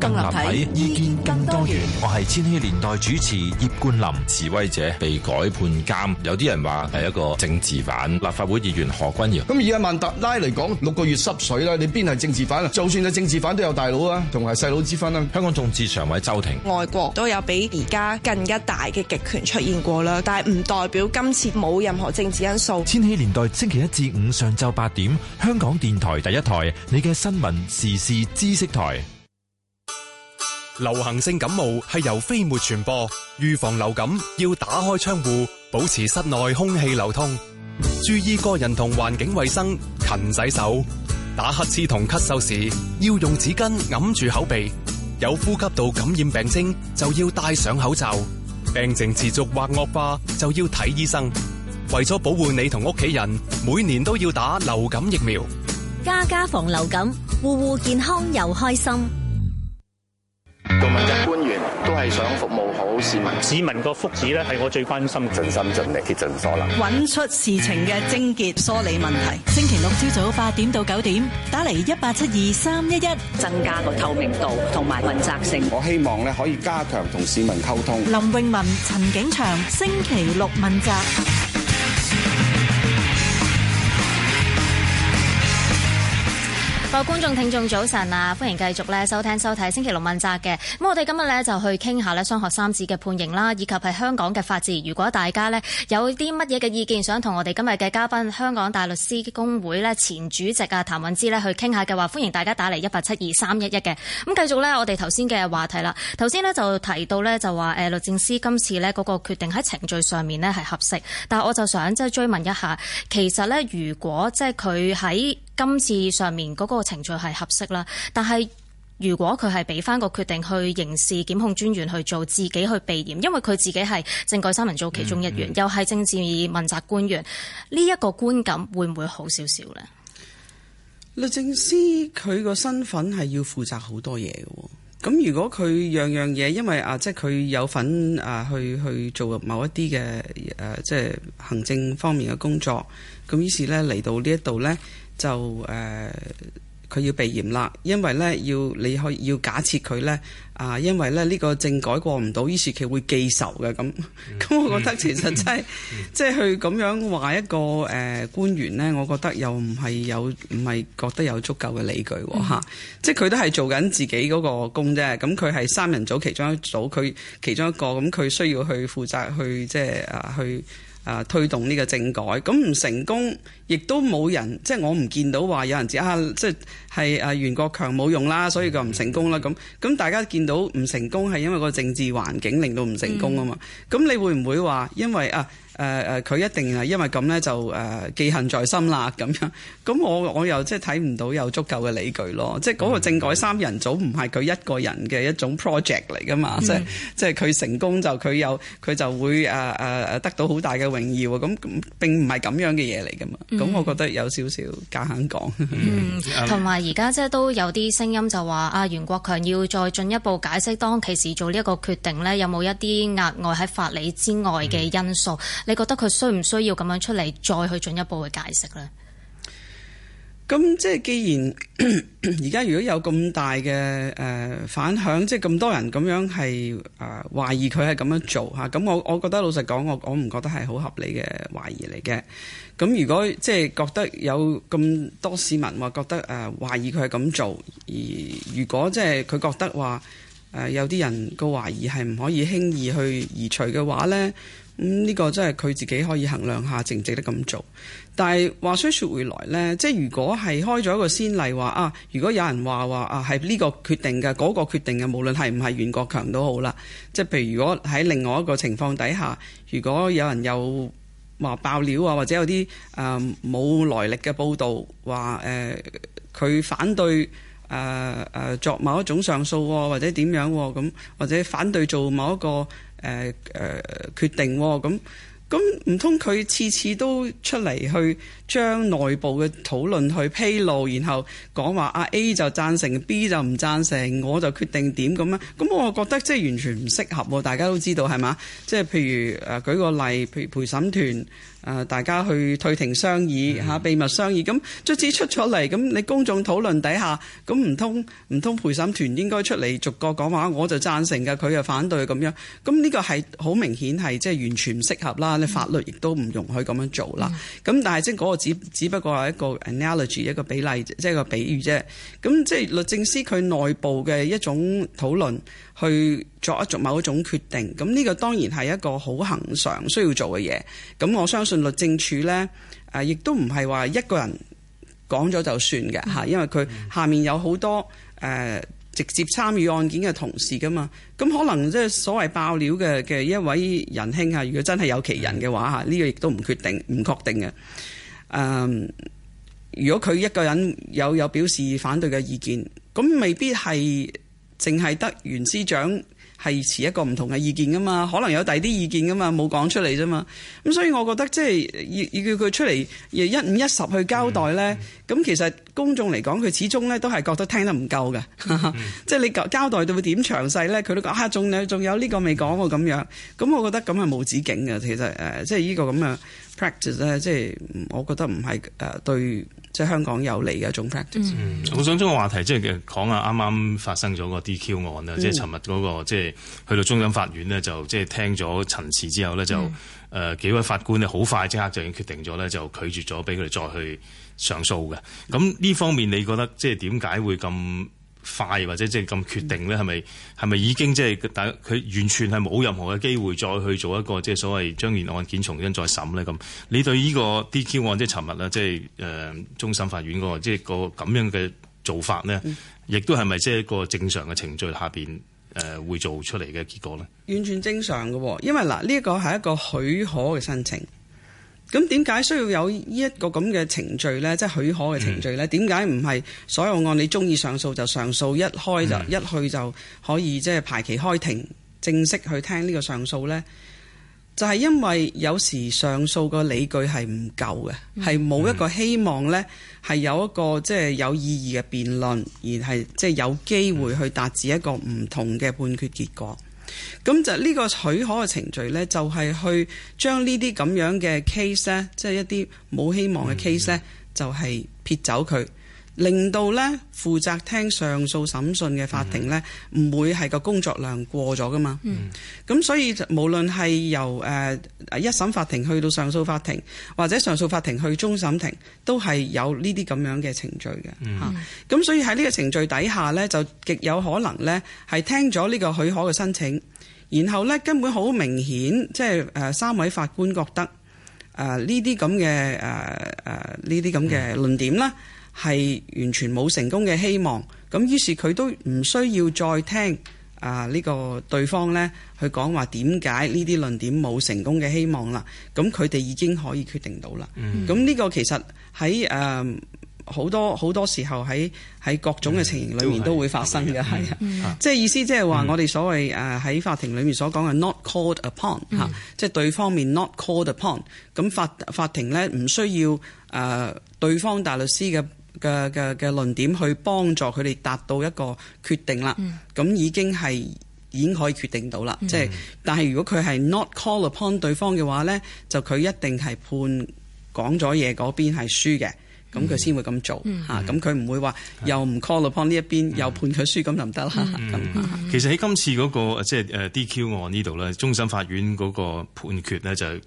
立體意見更多元。我係千禧年代主持葉冠霖，示威者被改判監，有啲人話係一個政治犯。立法會議員何君堯咁而家曼德拉嚟講六個月濕水啦，你邊係政治犯？啊？就算係政治犯都有大佬啊，同埋細佬之分啊。香港眾志常委周庭外國都有比而家更加大嘅極權出現過啦，但係唔代表今次冇任何政治因素。千禧年代，星期一至五上晝八點，香港電台第一台，你嘅新聞時事知識台。流行性感冒係由飛沫傳播，預防流感要打開窗戶，保持室內空氣流通，注意個人同環境衛生，勤洗手，打乞嗤同咳嗽時要用紙巾掩住口鼻，有呼吸道感染病徵就要戴上口罩，病情持續或惡化就要睇醫生。為咗保護你同屋企人，每年都要打流感疫苗，家家防流感，戶戶健康又開心。係想服務好市民，市民個福祉咧係我最關心，盡心盡力竭盡所能，揾出事情嘅症結、梳理問題。星期六朝早八點到九點，打嚟一八七二三一一，增加個透明度同埋問責性。我希望咧可以加強同市民溝通。林詠雯、陳景祥，星期六問責。各位觀眾、聽眾，早晨啊！歡迎繼續咧收聽、收睇星期六問責嘅。咁我哋今日咧就去傾下咧雙學三子嘅判刑啦，以及係香港嘅法治。如果大家呢，有啲乜嘢嘅意見，想同我哋今日嘅嘉賓、香港大律師公會咧前主席啊譚雲芝呢去傾下嘅話，歡迎大家打嚟一八七二三一一嘅。咁繼續呢，我哋頭先嘅話題啦。頭先呢，就提到呢，就話誒律政司今次呢嗰個決定喺程序上面呢係合適，但係我就想即係追問一下，其實呢，如果即係佢喺今次上面嗰個程序係合適啦，但係如果佢係俾翻個決定去刑事檢控專員去做，自己去避嫌，因為佢自己係政改三人組其中一員，嗯嗯又係政治問責官員呢一個觀感會唔會好少少咧？律政司佢個身份係要負責好多嘢嘅，咁如果佢樣樣嘢，因為啊，即係佢有份啊去去做某一啲嘅，誒即係行政方面嘅工作，咁於是咧嚟到呢一度咧。就誒，佢、呃、要避嫌啦，因為咧要你去要假設佢咧啊，因為咧呢、這個政改過唔到，於是佢會記仇嘅咁。咁我覺得其實真、就、係、是， 即係去咁樣話一個誒、呃、官員咧，我覺得又唔係有唔係覺得有足夠嘅理據嚇， 即係佢都係做緊自己嗰個工啫。咁佢係三人組其中一組佢其中一個咁，佢需要去負責去即係啊去。呃去誒、啊、推動呢個政改，咁唔成功，亦都冇人，即、就、係、是、我唔見到話有人知啊，即係係啊袁國強冇用啦，所以佢唔成功啦。咁咁大家見到唔成功係因為個政治環境令到唔成功啊嘛。咁、嗯、你會唔會話因為啊？誒誒，佢、呃、一定係因為咁咧，就誒、呃、記恨在心啦，咁樣。咁我我又即係睇唔到有足夠嘅理據咯。即係嗰個政改三人組唔係佢一個人嘅一種 project 嚟噶嘛、嗯。即係即係佢成功就佢有佢就會誒、呃呃、得到好大嘅榮耀啊。咁並唔係咁樣嘅嘢嚟噶嘛。咁、嗯、我覺得有少少夾硬講。嗯，同埋而家即係都有啲聲音就話啊，袁國強要再進一步解釋當其時做呢一個決定咧，有冇一啲額外喺法理之外嘅因素？嗯嗯你覺得佢需唔需要咁樣出嚟再去進一步嘅解釋呢？咁即係既然而家如果有咁大嘅誒反響，即係咁多人咁樣係誒懷疑佢係咁樣做吓，咁我我覺得老實講，我我唔覺得係好合理嘅懷疑嚟嘅。咁如果即係覺得有咁多市民話覺得誒懷疑佢係咁做，而如果即係佢覺得話誒有啲人個懷疑係唔可以輕易去移除嘅話呢。咁呢個真係佢自己可以衡量下值唔值得咁做。但係話雖說回來呢，即係如果係開咗一個先例話啊，如果有人話話啊係呢個決定嘅，嗰、那個決定嘅，無論係唔係袁國強都好啦。即係譬如如果喺另外一個情況底下，如果有人有話爆料啊，或者有啲誒冇來歷嘅報導話誒，佢、呃、反對。誒誒作某一種上訴喎，或者點樣喎？咁或者反對做某一個誒誒、呃呃、決定喎？咁咁唔通佢次次都出嚟去將內部嘅討論去披露，然後講話阿 A 就贊成，B 就唔贊成，我就決定點咁啊？咁我覺得即係完全唔適合喎！大家都知道係嘛？即係譬如誒舉個例，譬如陪審團。誒，大家去退庭商議嚇，秘密商議咁，卒之出咗嚟，咁你、嗯、公眾討論底下，咁唔通唔通陪審團應該出嚟逐個講話，我就贊成㗎，佢又反對咁樣，咁呢個係好明顯係即係完全唔適合啦，你法律亦都唔容許咁樣做啦。咁、嗯、但係即係嗰個只，只不過係一個 analogy，一個比例，即係個比喻啫。咁即係律政司佢內部嘅一種討論。去做一做某一種決定，咁呢個當然係一個好恒常需要做嘅嘢。咁我相信律政處呢，亦、呃、都唔係話一個人講咗就算嘅、嗯、因為佢下面有好多誒、呃、直接參與案件嘅同事噶嘛。咁可能即係所謂爆料嘅嘅一位仁兄啊，如果真係有其人嘅話呢、呢個亦都唔決定、唔確定嘅、呃。如果佢一個人有有表示反對嘅意見，咁未必係。淨係得袁司長係持一個唔同嘅意見噶嘛，可能有第二啲意見噶嘛，冇講出嚟啫嘛。咁所以我覺得即係要要叫佢出嚟，一五一十去交代咧。咁、嗯、其實公眾嚟講，佢始終咧都係覺得聽得唔夠嘅。即係、嗯、 你交交代到點詳細咧，佢都講啊，仲有仲有呢個未講喎咁樣。咁我覺得咁係冇止境嘅，其實即係呢個咁樣。practice 咧，即係我覺得唔係誒對即係、就是、香港有利嘅一種 practice。嗯嗯、我想將個話題即係講下啱啱發生咗、嗯那個 DQ 案啦，即係尋日嗰個即係去到終審法院呢，就即係、就是、聽咗陳詞之後呢，就誒、嗯呃、幾位法官咧好快即刻就已經決定咗呢，就拒絕咗俾佢哋再去上訴嘅。咁呢方面你覺得即係點解會咁？快或者即係咁決定咧，係咪係咪已經即係，但係佢完全係冇任何嘅機會再去做一個即係所謂將原案件重新再審咧咁？你對呢個 DQ 案即係尋日啦，即係誒終審法院嗰個即係個咁樣嘅做法咧，亦都係咪即係一個正常嘅程序下邊誒會做出嚟嘅結果咧？完全正常嘅，因為嗱呢一個係一個許可嘅申請。咁點解需要有呢一個咁嘅程序呢？即係許可嘅程序呢？點解唔係所有案你中意上訴就上訴，一開就一去就可以即係排期開庭正式去聽呢個上訴呢？就係、是、因為有時上訴個理據係唔夠嘅，係冇、嗯、一個希望呢，係有一個即係有意義嘅辯論，而係即係有機會去達至一個唔同嘅判決結果。咁就呢個許可嘅程序呢，就係、是、去將呢啲咁樣嘅 case 呢，即係一啲冇希望嘅 case 呢，嗯嗯、就係撇走佢。令到咧負責聽上訴審訊嘅法庭咧，唔會係個工作量過咗噶嘛。咁所以無論係由誒一審法庭去到上訴法庭，或者上訴法庭去終審庭，都係有呢啲咁樣嘅程序嘅吓。咁、嗯、所以喺呢個程序底下咧，就極有可能咧係聽咗呢個許可嘅申請，然後咧根本好明顯，即係誒三位法官覺得誒呢啲咁嘅誒誒呢啲咁嘅論點啦。嗯係完全冇成功嘅希望，咁於是佢都唔需要再聽啊呢、呃這個對方呢去講話點解呢啲論點冇成功嘅希望啦。咁佢哋已經可以決定到啦。咁呢、mm hmm. 個其實喺誒好多好多時候喺喺各種嘅情形裏面都會發生嘅，係啊、mm，即、hmm. 係意思即係話我哋所謂誒喺法庭裏面所講嘅 not called upon 吓即係、mm hmm. 啊即係、對方面 not called upon，咁法法庭呢唔需要誒對方大律師嘅。嘅嘅嘅論點去幫助佢哋達到一個決定啦，咁、嗯、已經係已經可以決定到啦。即係、嗯就是，但係如果佢係 not call upon 對方嘅話咧，就佢一定係判講咗嘢嗰邊係輸嘅，咁佢先會咁做嚇。咁佢唔會話又唔 call upon 呢一邊，嗯、又判佢輸咁、嗯、就唔得啦。咁其實喺今次嗰、嗰個即係、就、誒、是、DQ 案呢度咧，終審法院嗰個判決咧就是。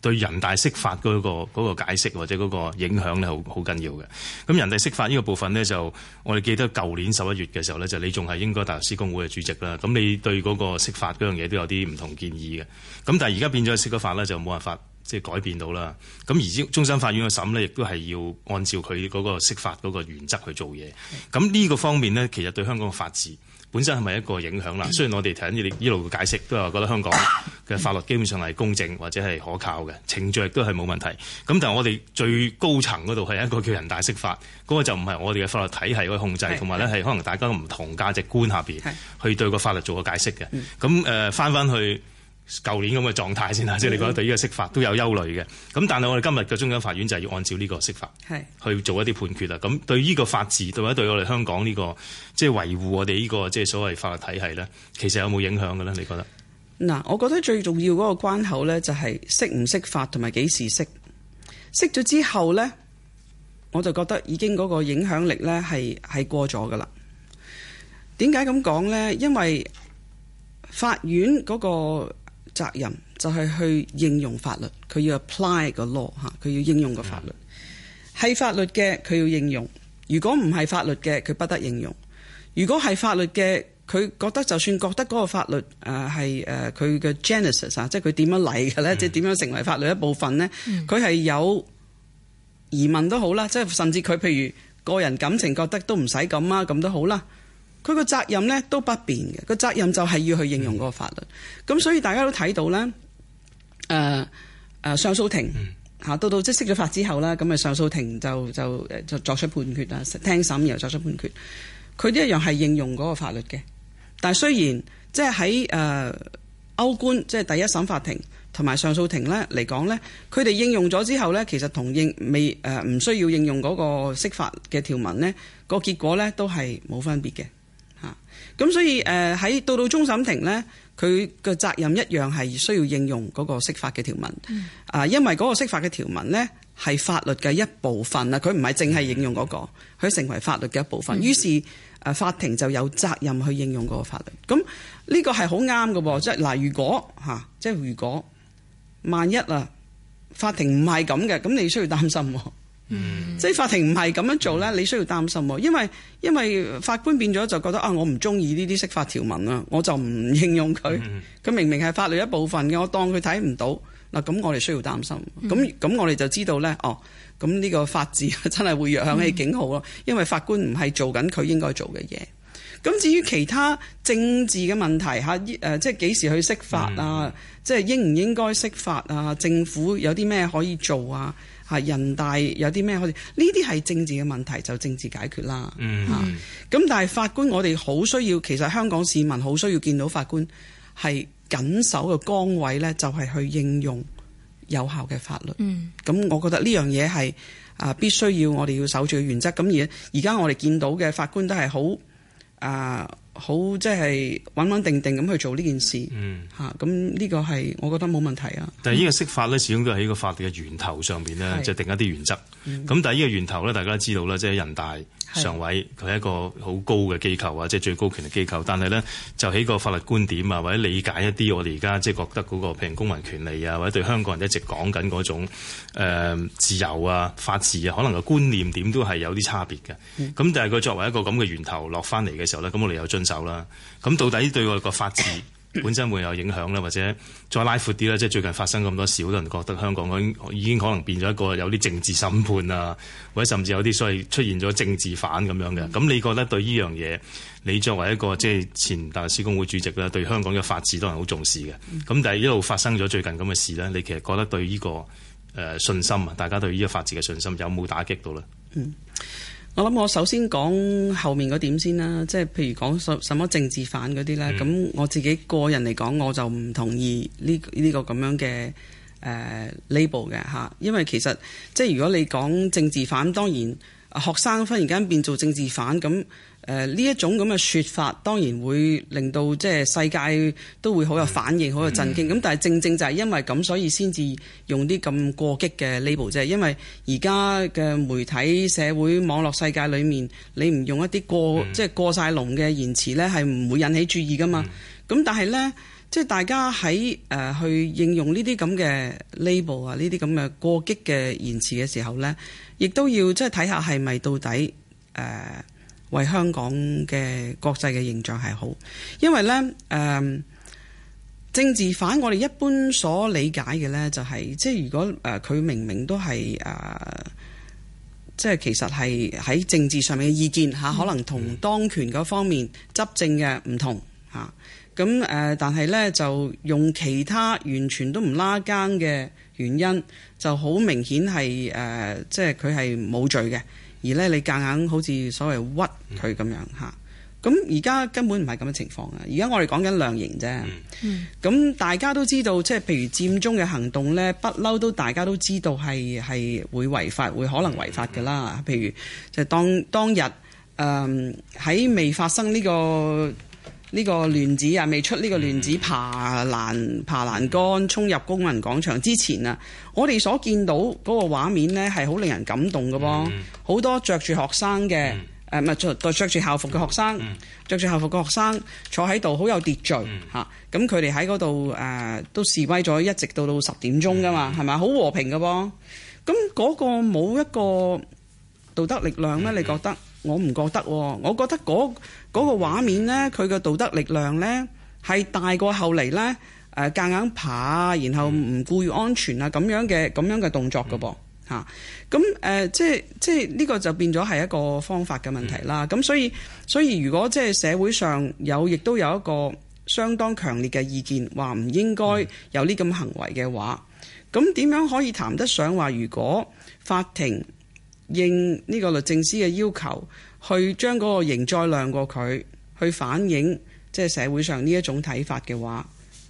對人大釋法嗰個嗰個解釋或者嗰個影響咧，好好緊要嘅。咁人大釋法呢個部分咧，就我哋記得舊年十一月嘅時候咧，就你仲係英國大律師公會嘅主席啦。咁你對嗰個釋法嗰樣嘢都有啲唔同建議嘅。咁但係而家變咗釋咗法咧，就冇辦法即係改變到啦。咁而終審，終審法院嘅審咧，亦都係要按照佢嗰個釋法嗰個原則去做嘢。咁呢個方面咧，其實對香港嘅法治。本身係咪一個影響啦？雖然我哋睇緊呢啲一路嘅解釋，都係覺得香港嘅法律基本上係公正或者係可靠嘅，程序亦都係冇問題。咁但係我哋最高層嗰度係一個叫人大釋法，嗰個就唔係我哋嘅法律體系去控制，同埋咧係可能大家唔同價值觀下邊是的 去對個法律做個解釋嘅。咁誒返返去。舊年咁嘅狀態先啦，即係你覺得對呢個釋法都有憂慮嘅。咁但係我哋今日嘅中央法院就係要按照呢個釋法係去做一啲判決啦。咁是對呢個法治，或者對我哋香港呢、這個即係、就是、維護我哋呢個即係所謂法律體系咧，其實有冇影響嘅咧？你覺得？嗱，我覺得最重要嗰個關口咧，就係釋唔釋法同埋幾時釋。釋咗之後咧，我就覺得已經嗰個影響力咧係係過咗噶啦。點解咁講咧？因為法院嗰、那個責任就係、是、去應用法律，佢要 apply 個 law 吓，佢要應用個法律。係法律嘅佢要應用，如果唔係法律嘅佢不得應用。如果係法律嘅，佢覺得就算覺得嗰個法律誒係、呃、誒佢嘅、呃、genesis 啊，即係佢點樣嚟嘅咧，mm. 即係點樣成為法律一部分咧，佢係、mm. 有疑問都好啦，即係甚至佢譬如個人感情覺得都唔使咁啊，咁都好啦。佢個責任咧都不變嘅，個責任就係要去應用嗰個法律。咁、嗯、所以大家都睇到咧，誒、呃呃、上訴庭吓到到即係釋咗法之後啦，咁啊上訴庭就就就作出判決啦，聽審又作出判決。佢一樣係應用嗰個法律嘅。但雖然即係喺誒歐官即係第一審法庭同埋上訴庭咧嚟講咧，佢哋應用咗之後咧，其實同應未誒唔、呃、需要應用嗰個釋法嘅條文咧，個結果咧都係冇分別嘅。咁所以誒喺到到終審庭呢，佢嘅責任一樣係需要應用嗰個釋法嘅條文啊，嗯、因為嗰個釋法嘅條文呢，係法律嘅一部分啊，佢唔係淨係應用嗰、嗰個，佢成為法律嘅一部分。嗯、於是誒法庭就有責任去應用嗰個法律。咁呢個係好啱嘅喎。即係嗱，如果、啊、即係如果萬一啊，法庭唔係咁嘅，咁你需要擔心喎、啊。嗯，即係法庭唔係咁樣做呢，你需要擔心喎，因為因為法官變咗就覺得啊，我唔中意呢啲釋法條文啊，我就唔應用佢，佢、嗯、明明係法律一部分嘅，我當佢睇唔到嗱，咁我哋需要擔心，咁咁、嗯、我哋就知道呢，哦，咁呢個法治真係會弱響起警號咯。嗯、因為法官唔係做緊佢應該做嘅嘢。咁至於其他政治嘅問題吓，誒，即係幾時去釋法啊？即係、嗯啊、應唔應該釋法啊？政府有啲咩可以做啊？係人大有啲咩好似呢啲係政治嘅問題，就政治解決啦。嚇、嗯，咁但係法官，我哋好需要，其實香港市民好需要見到法官係緊守嘅崗位咧，就係去應用有效嘅法律。咁、嗯、我覺得呢樣嘢係啊必須要我哋要守住嘅原則。咁而而家我哋見到嘅法官都係好啊。呃好即係穩穩定定咁去做呢件事，吓、嗯，啊，咁呢個係我覺得冇問題啊。但係呢個釋法咧，始終都係喺個法律嘅源頭上面呢，即係定一啲原則。咁、嗯、但係呢個源頭咧，大家都知道啦，即係人大。是常委佢係一個好高嘅機構啊，即係最高權力機構，但係咧就喺個法律觀點啊，或者理解一啲我哋而家即係覺得嗰、嗰個譬如公民權利啊，或者對香港人一直講緊嗰種、呃、自由啊、法治啊，可能個觀念點都係有啲差別嘅。咁、嗯、但係佢作為一個咁嘅源頭落翻嚟嘅時候咧，咁我哋又遵守啦。咁到底對我哋個法治本身會有影響咧，或者再拉闊啲啦。即係最近發生咁多事，好多人覺得香港已經可能變咗一個有啲政治審判啊，或者甚至有啲所謂出現咗政治犯咁樣嘅。咁、嗯、你覺得對呢樣嘢，你作為一個即係前大律師公會主席啦，對香港嘅法治都係好重視嘅。咁、嗯、但係一路發生咗最近咁嘅事呢，你其實覺得對呢個誒信心啊，大家對呢個法治嘅信心有冇打擊到呢？嗯。我諗我首先講後面嗰點先啦，即係譬如講什什麼政治犯嗰啲咧，咁、嗯、我自己個人嚟講，我就唔同意呢、這、呢個咁、這個、樣嘅誒、呃、label 嘅嚇，因為其實即係如果你講政治犯，當然學生忽然間變做政治犯咁。誒呢一種咁嘅說法，當然會令到即係世界都會好有反應，好、嗯、有震驚。咁、嗯、但係正正就係因為咁，所以先至用啲咁過激嘅 label 啫。因為而家嘅媒體、社會、網絡世界裏面，你唔用一啲過即係、嗯、過晒龍嘅言辭呢，係唔會引起注意噶嘛。咁、嗯、但係呢，即係大家喺、呃、去應用呢啲咁嘅 label 啊，呢啲咁嘅過激嘅言辭嘅時候呢，亦都要即係睇下係咪到底誒。呃為香港嘅國際嘅形象係好，因為咧誒、呃、政治犯我哋一般所理解嘅咧就係、是，即係如果誒佢、呃、明明都係誒、呃，即係其實係喺政治上面嘅意見、啊、可能同當權嗰方面執政嘅唔同嚇。咁、啊、誒、呃，但係咧就用其他完全都唔拉更嘅原因，就好明顯係誒、呃，即係佢係冇罪嘅。而咧，你夾硬、硬好似所謂屈佢咁樣嚇，咁而家根本唔係咁嘅情況啊！而家我哋講緊量刑啫，咁、嗯、大家都知道，即係譬如佔中嘅行動咧，不嬲都大家都知道係係會違法，會可能違法㗎喇。嗯嗯、譬如就當當日誒喺、呃、未發生呢、呢個。呢個亂子啊，未出呢個亂子爬欄爬欄杆衝入公民廣場之前啊，我哋所見到嗰個畫面呢係好令人感動嘅喎。好、嗯、多着住學生嘅誒唔係着着住校服嘅學生，嗯、着住校服嘅學生坐喺度好有秩序吓，咁佢哋喺嗰度誒都示威咗一直到到十點鐘㗎嘛，係咪好和平嘅喎？咁嗰個冇一個道德力量咩？嗯、你覺得我唔覺得喎、啊，我覺得嗰嗰個畫面呢，佢嘅道德力量呢，係大過後嚟呢，誒、呃、夾硬爬，然後唔顧意安全啊咁樣嘅咁樣嘅動作㗎噃嚇，咁誒、嗯啊呃、即係即呢、這個就變咗係一個方法嘅問題啦。咁、嗯、所以所以如果即係社會上有亦都有一個相當強烈嘅意見，話唔應該有呢咁行為嘅話，咁點、嗯、樣可以談得上話？如果法庭應呢個律政司嘅要求？去將嗰個刑再量過佢，去反映即係社會上呢一種睇法嘅話，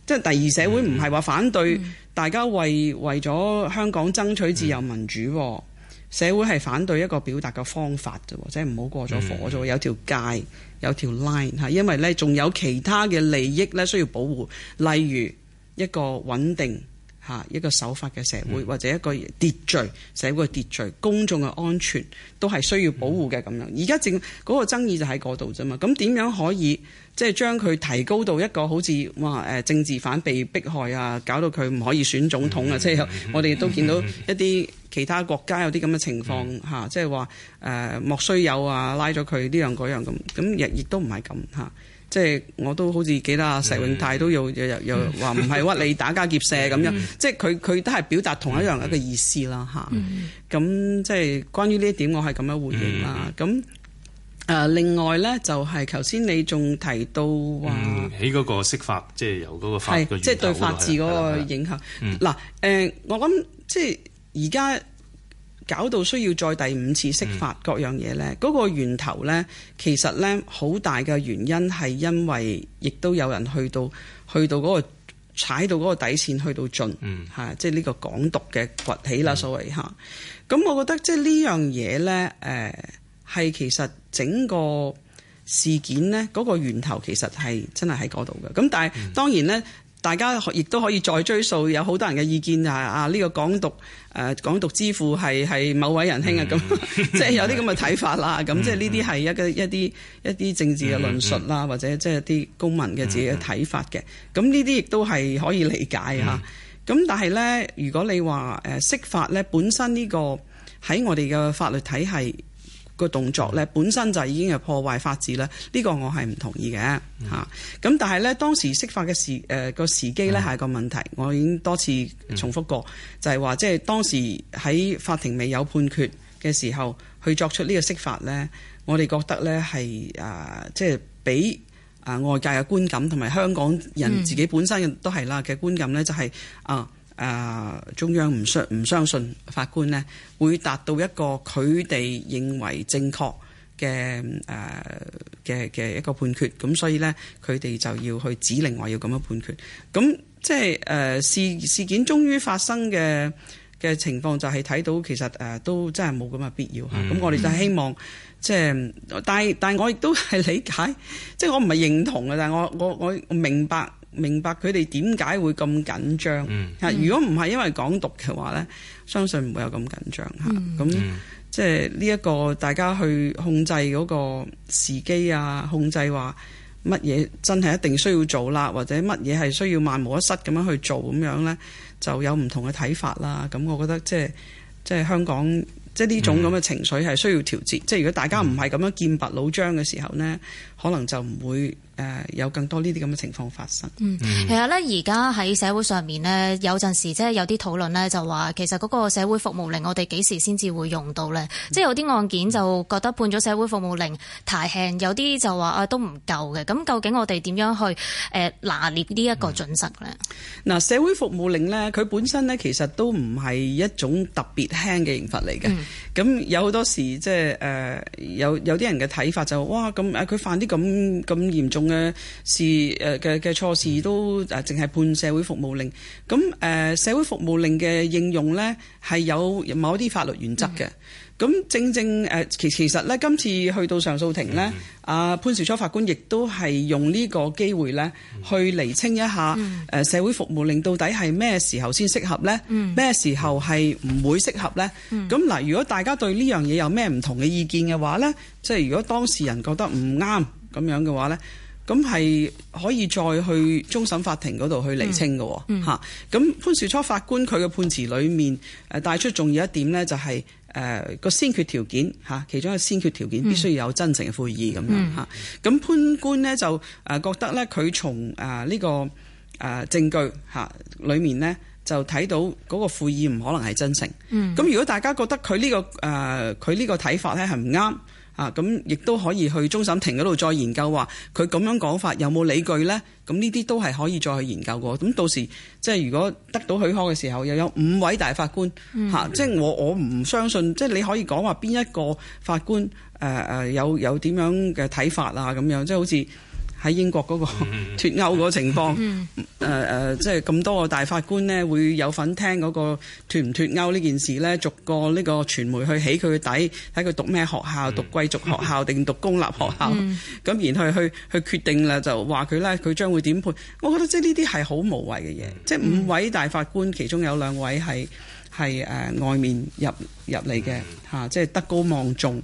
即係第二社會唔係話反對大家為為咗香港爭取自由民主，嗯、社會係反對一個表達嘅方法啫，即係唔好過咗火啫，嗯、有條界有條 line 吓，因為呢，仲有其他嘅利益呢，需要保護，例如一個穩定。啊！一個守法嘅社會，或者一個秩序社會嘅秩序，公眾嘅安全都係需要保護嘅咁樣。而家正嗰個爭議就喺嗰度啫嘛。咁點樣可以即係、就是、將佢提高到一個好似哇誒政治犯被迫害啊，搞到佢唔可以選總統啊？即係 我哋都見到一啲其他國家有啲咁嘅情況嚇，即係話誒莫須有啊，拉咗佢呢樣嗰樣咁，咁亦亦都唔係咁嚇。即係我都好似記得啊，石永泰都有又又話唔係屈你打家劫舍咁樣，即係佢佢都係表達同一樣一個意思啦吓，咁 即係關於呢一點，我係咁樣回應啦。咁、 啊、另外咧，就係頭先你仲提到話、嗯、起嗰個釋法，即係由嗰個法即係、就係、對法治嗰個影響。嗱我諗即係而家。搞到需要再第五次釋法各樣嘢呢？嗰、嗯、個源頭呢，其實呢，好大嘅原因係因為亦都有人去到去到嗰、那個、踩到嗰個底線去到盡，嗯、是即係呢個港獨嘅崛起啦，嗯、所謂嚇。咁我覺得即係呢樣嘢呢，誒、呃，係其實整個事件呢，嗰個源頭其實係真係喺嗰度嘅。咁但係當然呢。嗯大家亦都可以再追溯有好多人嘅意見啊！啊，呢、呢個港獨、啊，港獨之父係係某位仁兄啊咁，即係、嗯、 有啲咁嘅睇法啦。咁即係呢啲係一個一啲一啲政治嘅論述啦，嗯嗯、或者即係啲公民嘅自己嘅睇法嘅。咁呢啲亦都係可以理解啊。咁、嗯、但係咧，如果你話誒釋法咧，本身呢個喺我哋嘅法律體系。個動作咧，本身就已經係破壞法治啦。呢、這個我係唔同意嘅嚇。咁、嗯、但係咧，當時釋法嘅時誒個、呃、時機咧係一個問題。嗯、我已經多次重複過，嗯、就係話即係當時喺法庭未有判決嘅時候，去作出呢個釋法咧，我哋覺得咧係誒，即係俾啊外界嘅觀感同埋香港人自己本身都係啦嘅觀感咧、就是，就係啊。誒中央唔信唔相信法官呢，會達到一個佢哋認為正確嘅誒嘅嘅一個判決，咁所以呢，佢哋就要去指令話要咁樣判決，咁即係誒事事件終於發生嘅嘅情況就係睇到其實誒都真係冇咁嘅必要嚇，咁我哋就希望即係，但係但係我亦都係理解，即係我唔係認同嘅，但係我我我明白。明白佢哋點解會咁緊張。嚇、嗯，如果唔係因為港獨嘅話呢，相信唔會有咁緊張嚇。咁即係呢一個大家去控制嗰個時機啊，控制話乜嘢真係一定需要做啦，或者乜嘢係需要萬無一失咁樣去做咁樣呢，就有唔同嘅睇法啦。咁我覺得即係即係香港即係呢種咁嘅情緒係需要調節。即係、嗯、如果大家唔係咁樣劍拔弩張嘅時候呢，嗯、可能就唔會。呃、有更多呢啲咁嘅情況發生。嗯嗯，其實咧，而家喺社會上面呢，有陣時即係有啲討論呢，就話其實嗰個社會服務令我哋幾時先至會用到呢？嗯、即係有啲案件就覺得判咗社會服務令太輕，有啲就話啊都唔夠嘅。咁究竟我哋點樣去誒、呃、拿捏呢一個準則呢？嗱、嗯啊，社會服務令呢，佢本身呢，其實都唔係一種特別輕嘅刑罰嚟嘅。咁、嗯、有好多時即係、呃、有有啲人嘅睇法就是、哇咁佢犯啲咁咁嚴重。誒，事誒嘅嘅錯事都誒，淨係判社會服務令。咁誒、呃，社會服務令嘅應用咧，係有某一啲法律原則嘅。咁、嗯、正正誒、呃，其實其實咧，今次去到上訴庭咧，阿、嗯嗯啊、潘樹初法官亦都係用個機呢個機會咧，嗯、去厘清一下誒、嗯啊，社會服務令到底係咩時候先適合咧？咩、嗯、時候係唔會適合咧？咁嗱、嗯，如果大家對呢樣嘢有咩唔同嘅意見嘅話咧，即、就、係、是、如果當事人覺得唔啱咁樣嘅話咧。咁係可以再去終審法庭嗰度去厘清嘅、哦，吓咁、嗯嗯、潘兆初法官佢嘅判詞裏面誒帶出重要一點咧、就是，就係誒個先決條件吓，其中一個先決條件必須要有真誠嘅悔意咁、嗯、樣吓。咁潘官咧就誒覺得咧，佢從誒呢個誒證據吓裏面咧就睇到嗰個悔意唔可能係真誠。咁、嗯、如果大家覺得佢呢、呢個誒佢呢個睇法咧係唔啱？啊，咁亦都可以去終審庭嗰度再研究話，佢咁樣講法有冇理據咧？咁呢啲都係可以再去研究過。咁到時即係如果得到許可嘅時候，又有五位大法官嚇，嗯、即係我我唔相信，即係你可以講話邊一個法官誒、呃、有有點樣嘅睇法啊咁樣，即係好似。喺英國嗰個脱歐嗰情況，誒誒，mm，即係咁多個大法官呢，會有份聽嗰個脱唔脱歐呢件事呢，逐個呢個傳媒去起佢嘅底，睇佢讀咩學校，讀貴族學校定讀公立學校，咁，mm hmm. 然後去去決定啦，就話佢呢，佢將會點判？我覺得即係呢啲係好無謂嘅嘢。即係，mm hmm. 五位大法官其中有兩位係係誒外面入入嚟嘅，嚇，即係德高望重。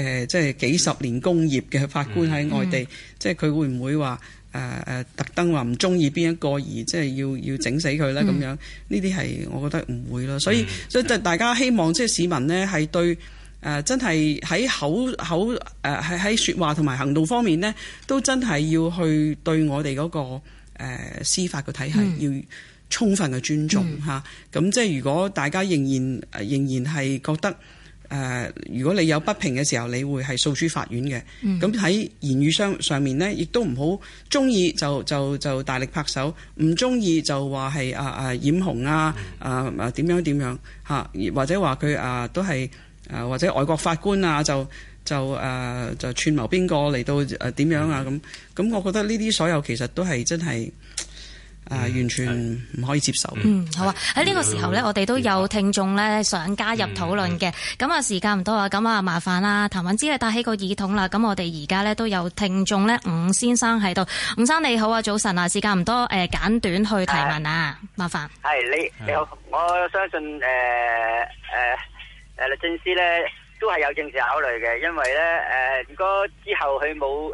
嘅即係幾十年工業嘅法官喺外地，嗯嗯、即係佢會唔會話誒誒特登話唔鍾意邊一個而即係要要整死佢咧咁樣？呢啲係我覺得唔會咯。所以所以就大家希望即係市民呢係對誒、呃、真係喺口口誒係喺説話同埋行動方面呢，都真係要去對我哋嗰、那個、呃、司法嘅體系、嗯、要充分嘅尊重吓。咁、嗯、即係如果大家仍然仍然係覺得。誒、呃，如果你有不平嘅時候，你會係訴諸法院嘅。咁喺、嗯、言語上上面呢，亦都唔好中意就就就大力拍手，唔中意就話係啊啊染紅啊啊點樣點樣啊點樣點樣吓或者話佢啊都係啊或者外國法官啊就就誒、啊、就串謀邊個嚟到誒點樣啊咁？咁、嗯、我覺得呢啲所有其實都係真係。誒、啊，完全唔可以接受。嗯，好啊，喺呢個時候咧，我哋都有聽眾咧想加入討論嘅。咁啊、嗯，嗯嗯嗯、時間唔多啊，咁啊麻煩啦，譚允芝你戴起個耳筒啦。咁我哋而家咧都有聽眾咧，伍先生喺度。伍生你好啊，早晨啊，時間唔多，誒簡短去提問啊，麻煩煩。係，你你好，我相信誒誒誒律政司咧都係有政治考慮嘅，因為咧誒、呃、如果之後佢冇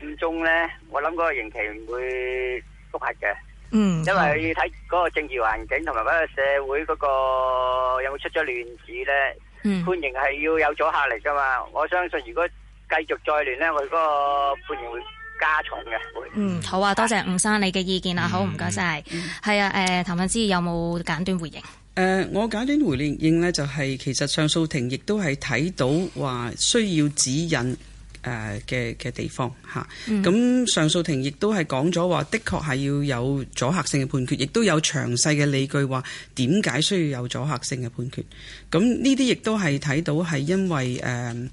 誒佔中咧，我諗嗰個刑期唔會複核嘅。嗯，因為要睇嗰個政治環境同埋嗰個社會嗰個有冇出咗亂子咧？判刑係要有阻吓力噶嘛？我相信如果繼續再亂咧，佢嗰個判刑會加重嘅。嗯，好啊，多謝吳生你嘅意見啊。好唔該晒。係啊，誒，譚允芝有冇簡短回應？誒、呃，我簡短回應咧就係，其實上訴庭亦都係睇到話需要指引。誒嘅嘅地方吓，咁、嗯、上訴庭亦都係講咗話的確係要有阻嚇性嘅判決，亦都有詳細嘅理據話點解需要有阻嚇性嘅判決，咁呢啲亦都係睇到係因為誒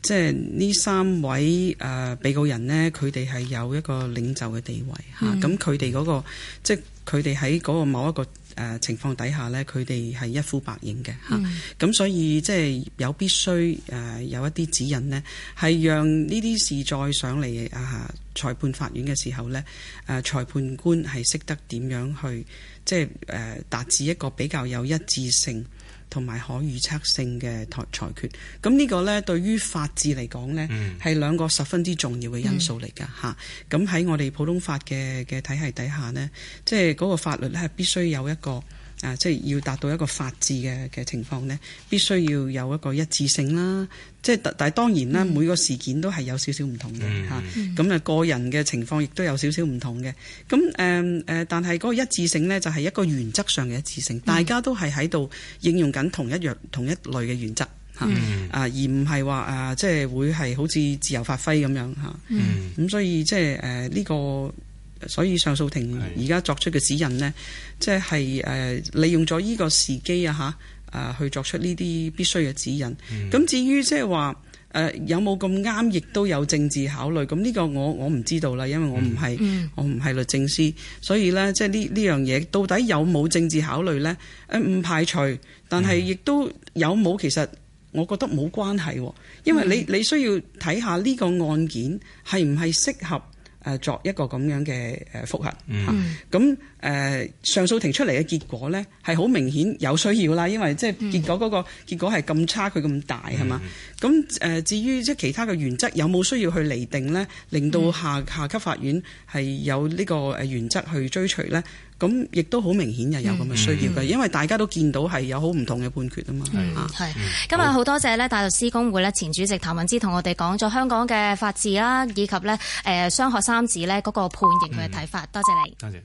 即係呢三位誒、呃、被告人咧，佢哋係有一個領袖嘅地位吓，咁佢哋嗰個即係佢哋喺嗰個某一個。誒、呃、情況底下呢，佢哋係一呼百應嘅嚇，咁、嗯啊、所以即係有必須誒、呃、有一啲指引呢係讓呢啲事再上嚟啊裁判法院嘅時候呢誒、啊、裁判官係識得點樣去即係誒、呃、達至一個比較有一致性。同埋可預測性嘅裁裁決，咁呢個呢對於法治嚟講呢，係、嗯、兩個十分之重要嘅因素嚟㗎吓，咁喺、嗯、我哋普通法嘅嘅體系底下呢，即係嗰個法律呢，係必須有一個。啊，即係要達到一個法治嘅嘅情況呢，必須要有一個一致性啦。即係但但係當然啦，每個事件都係有少少唔同嘅嚇，咁啊、嗯、個人嘅情況亦都有少少唔同嘅。咁誒誒，但係嗰個一致性呢，就係一個原則上嘅一致性，嗯、大家都係喺度應用緊同一樣同一類嘅原則嚇啊，嗯、而唔係話啊，即係會係好似自由發揮咁樣嚇。咁、嗯、所以即係誒呢個。所以上訴庭而家作出嘅指引呢，即係誒利用咗依個時機啊去作出呢啲必須嘅指引。咁、嗯、至於即係話誒有冇咁啱，亦都有政治考慮。咁呢個我我唔知道啦，因為我唔係、嗯、我唔係律政司，所以呢，即係呢呢樣嘢到底有冇政治考慮呢？誒唔排除，但係亦都有冇、嗯、其實我覺得冇關係，因為你你需要睇下呢個案件係唔係適合。誒作一個咁樣嘅誒覆核嚇，咁誒、嗯啊呃、上訴庭出嚟嘅結果咧係好明顯有需要啦，因為即係結果嗰個結果係咁差，佢咁大係嘛？咁誒、嗯呃、至於即係其他嘅原則有冇需要去釐定咧，令到下下級法院係有呢個誒原則去追隨咧？咁亦都好明顯，又有咁嘅需要嘅，嗯、因為大家都見到係有好唔同嘅判決啊嘛嚇。係，今日好多謝呢大律施工會大律師公會呢，前主席譚允芝同我哋講咗香港嘅法治啦，以及呢誒雙學三子呢嗰個判刑佢嘅睇法。嗯、多謝你。多謝。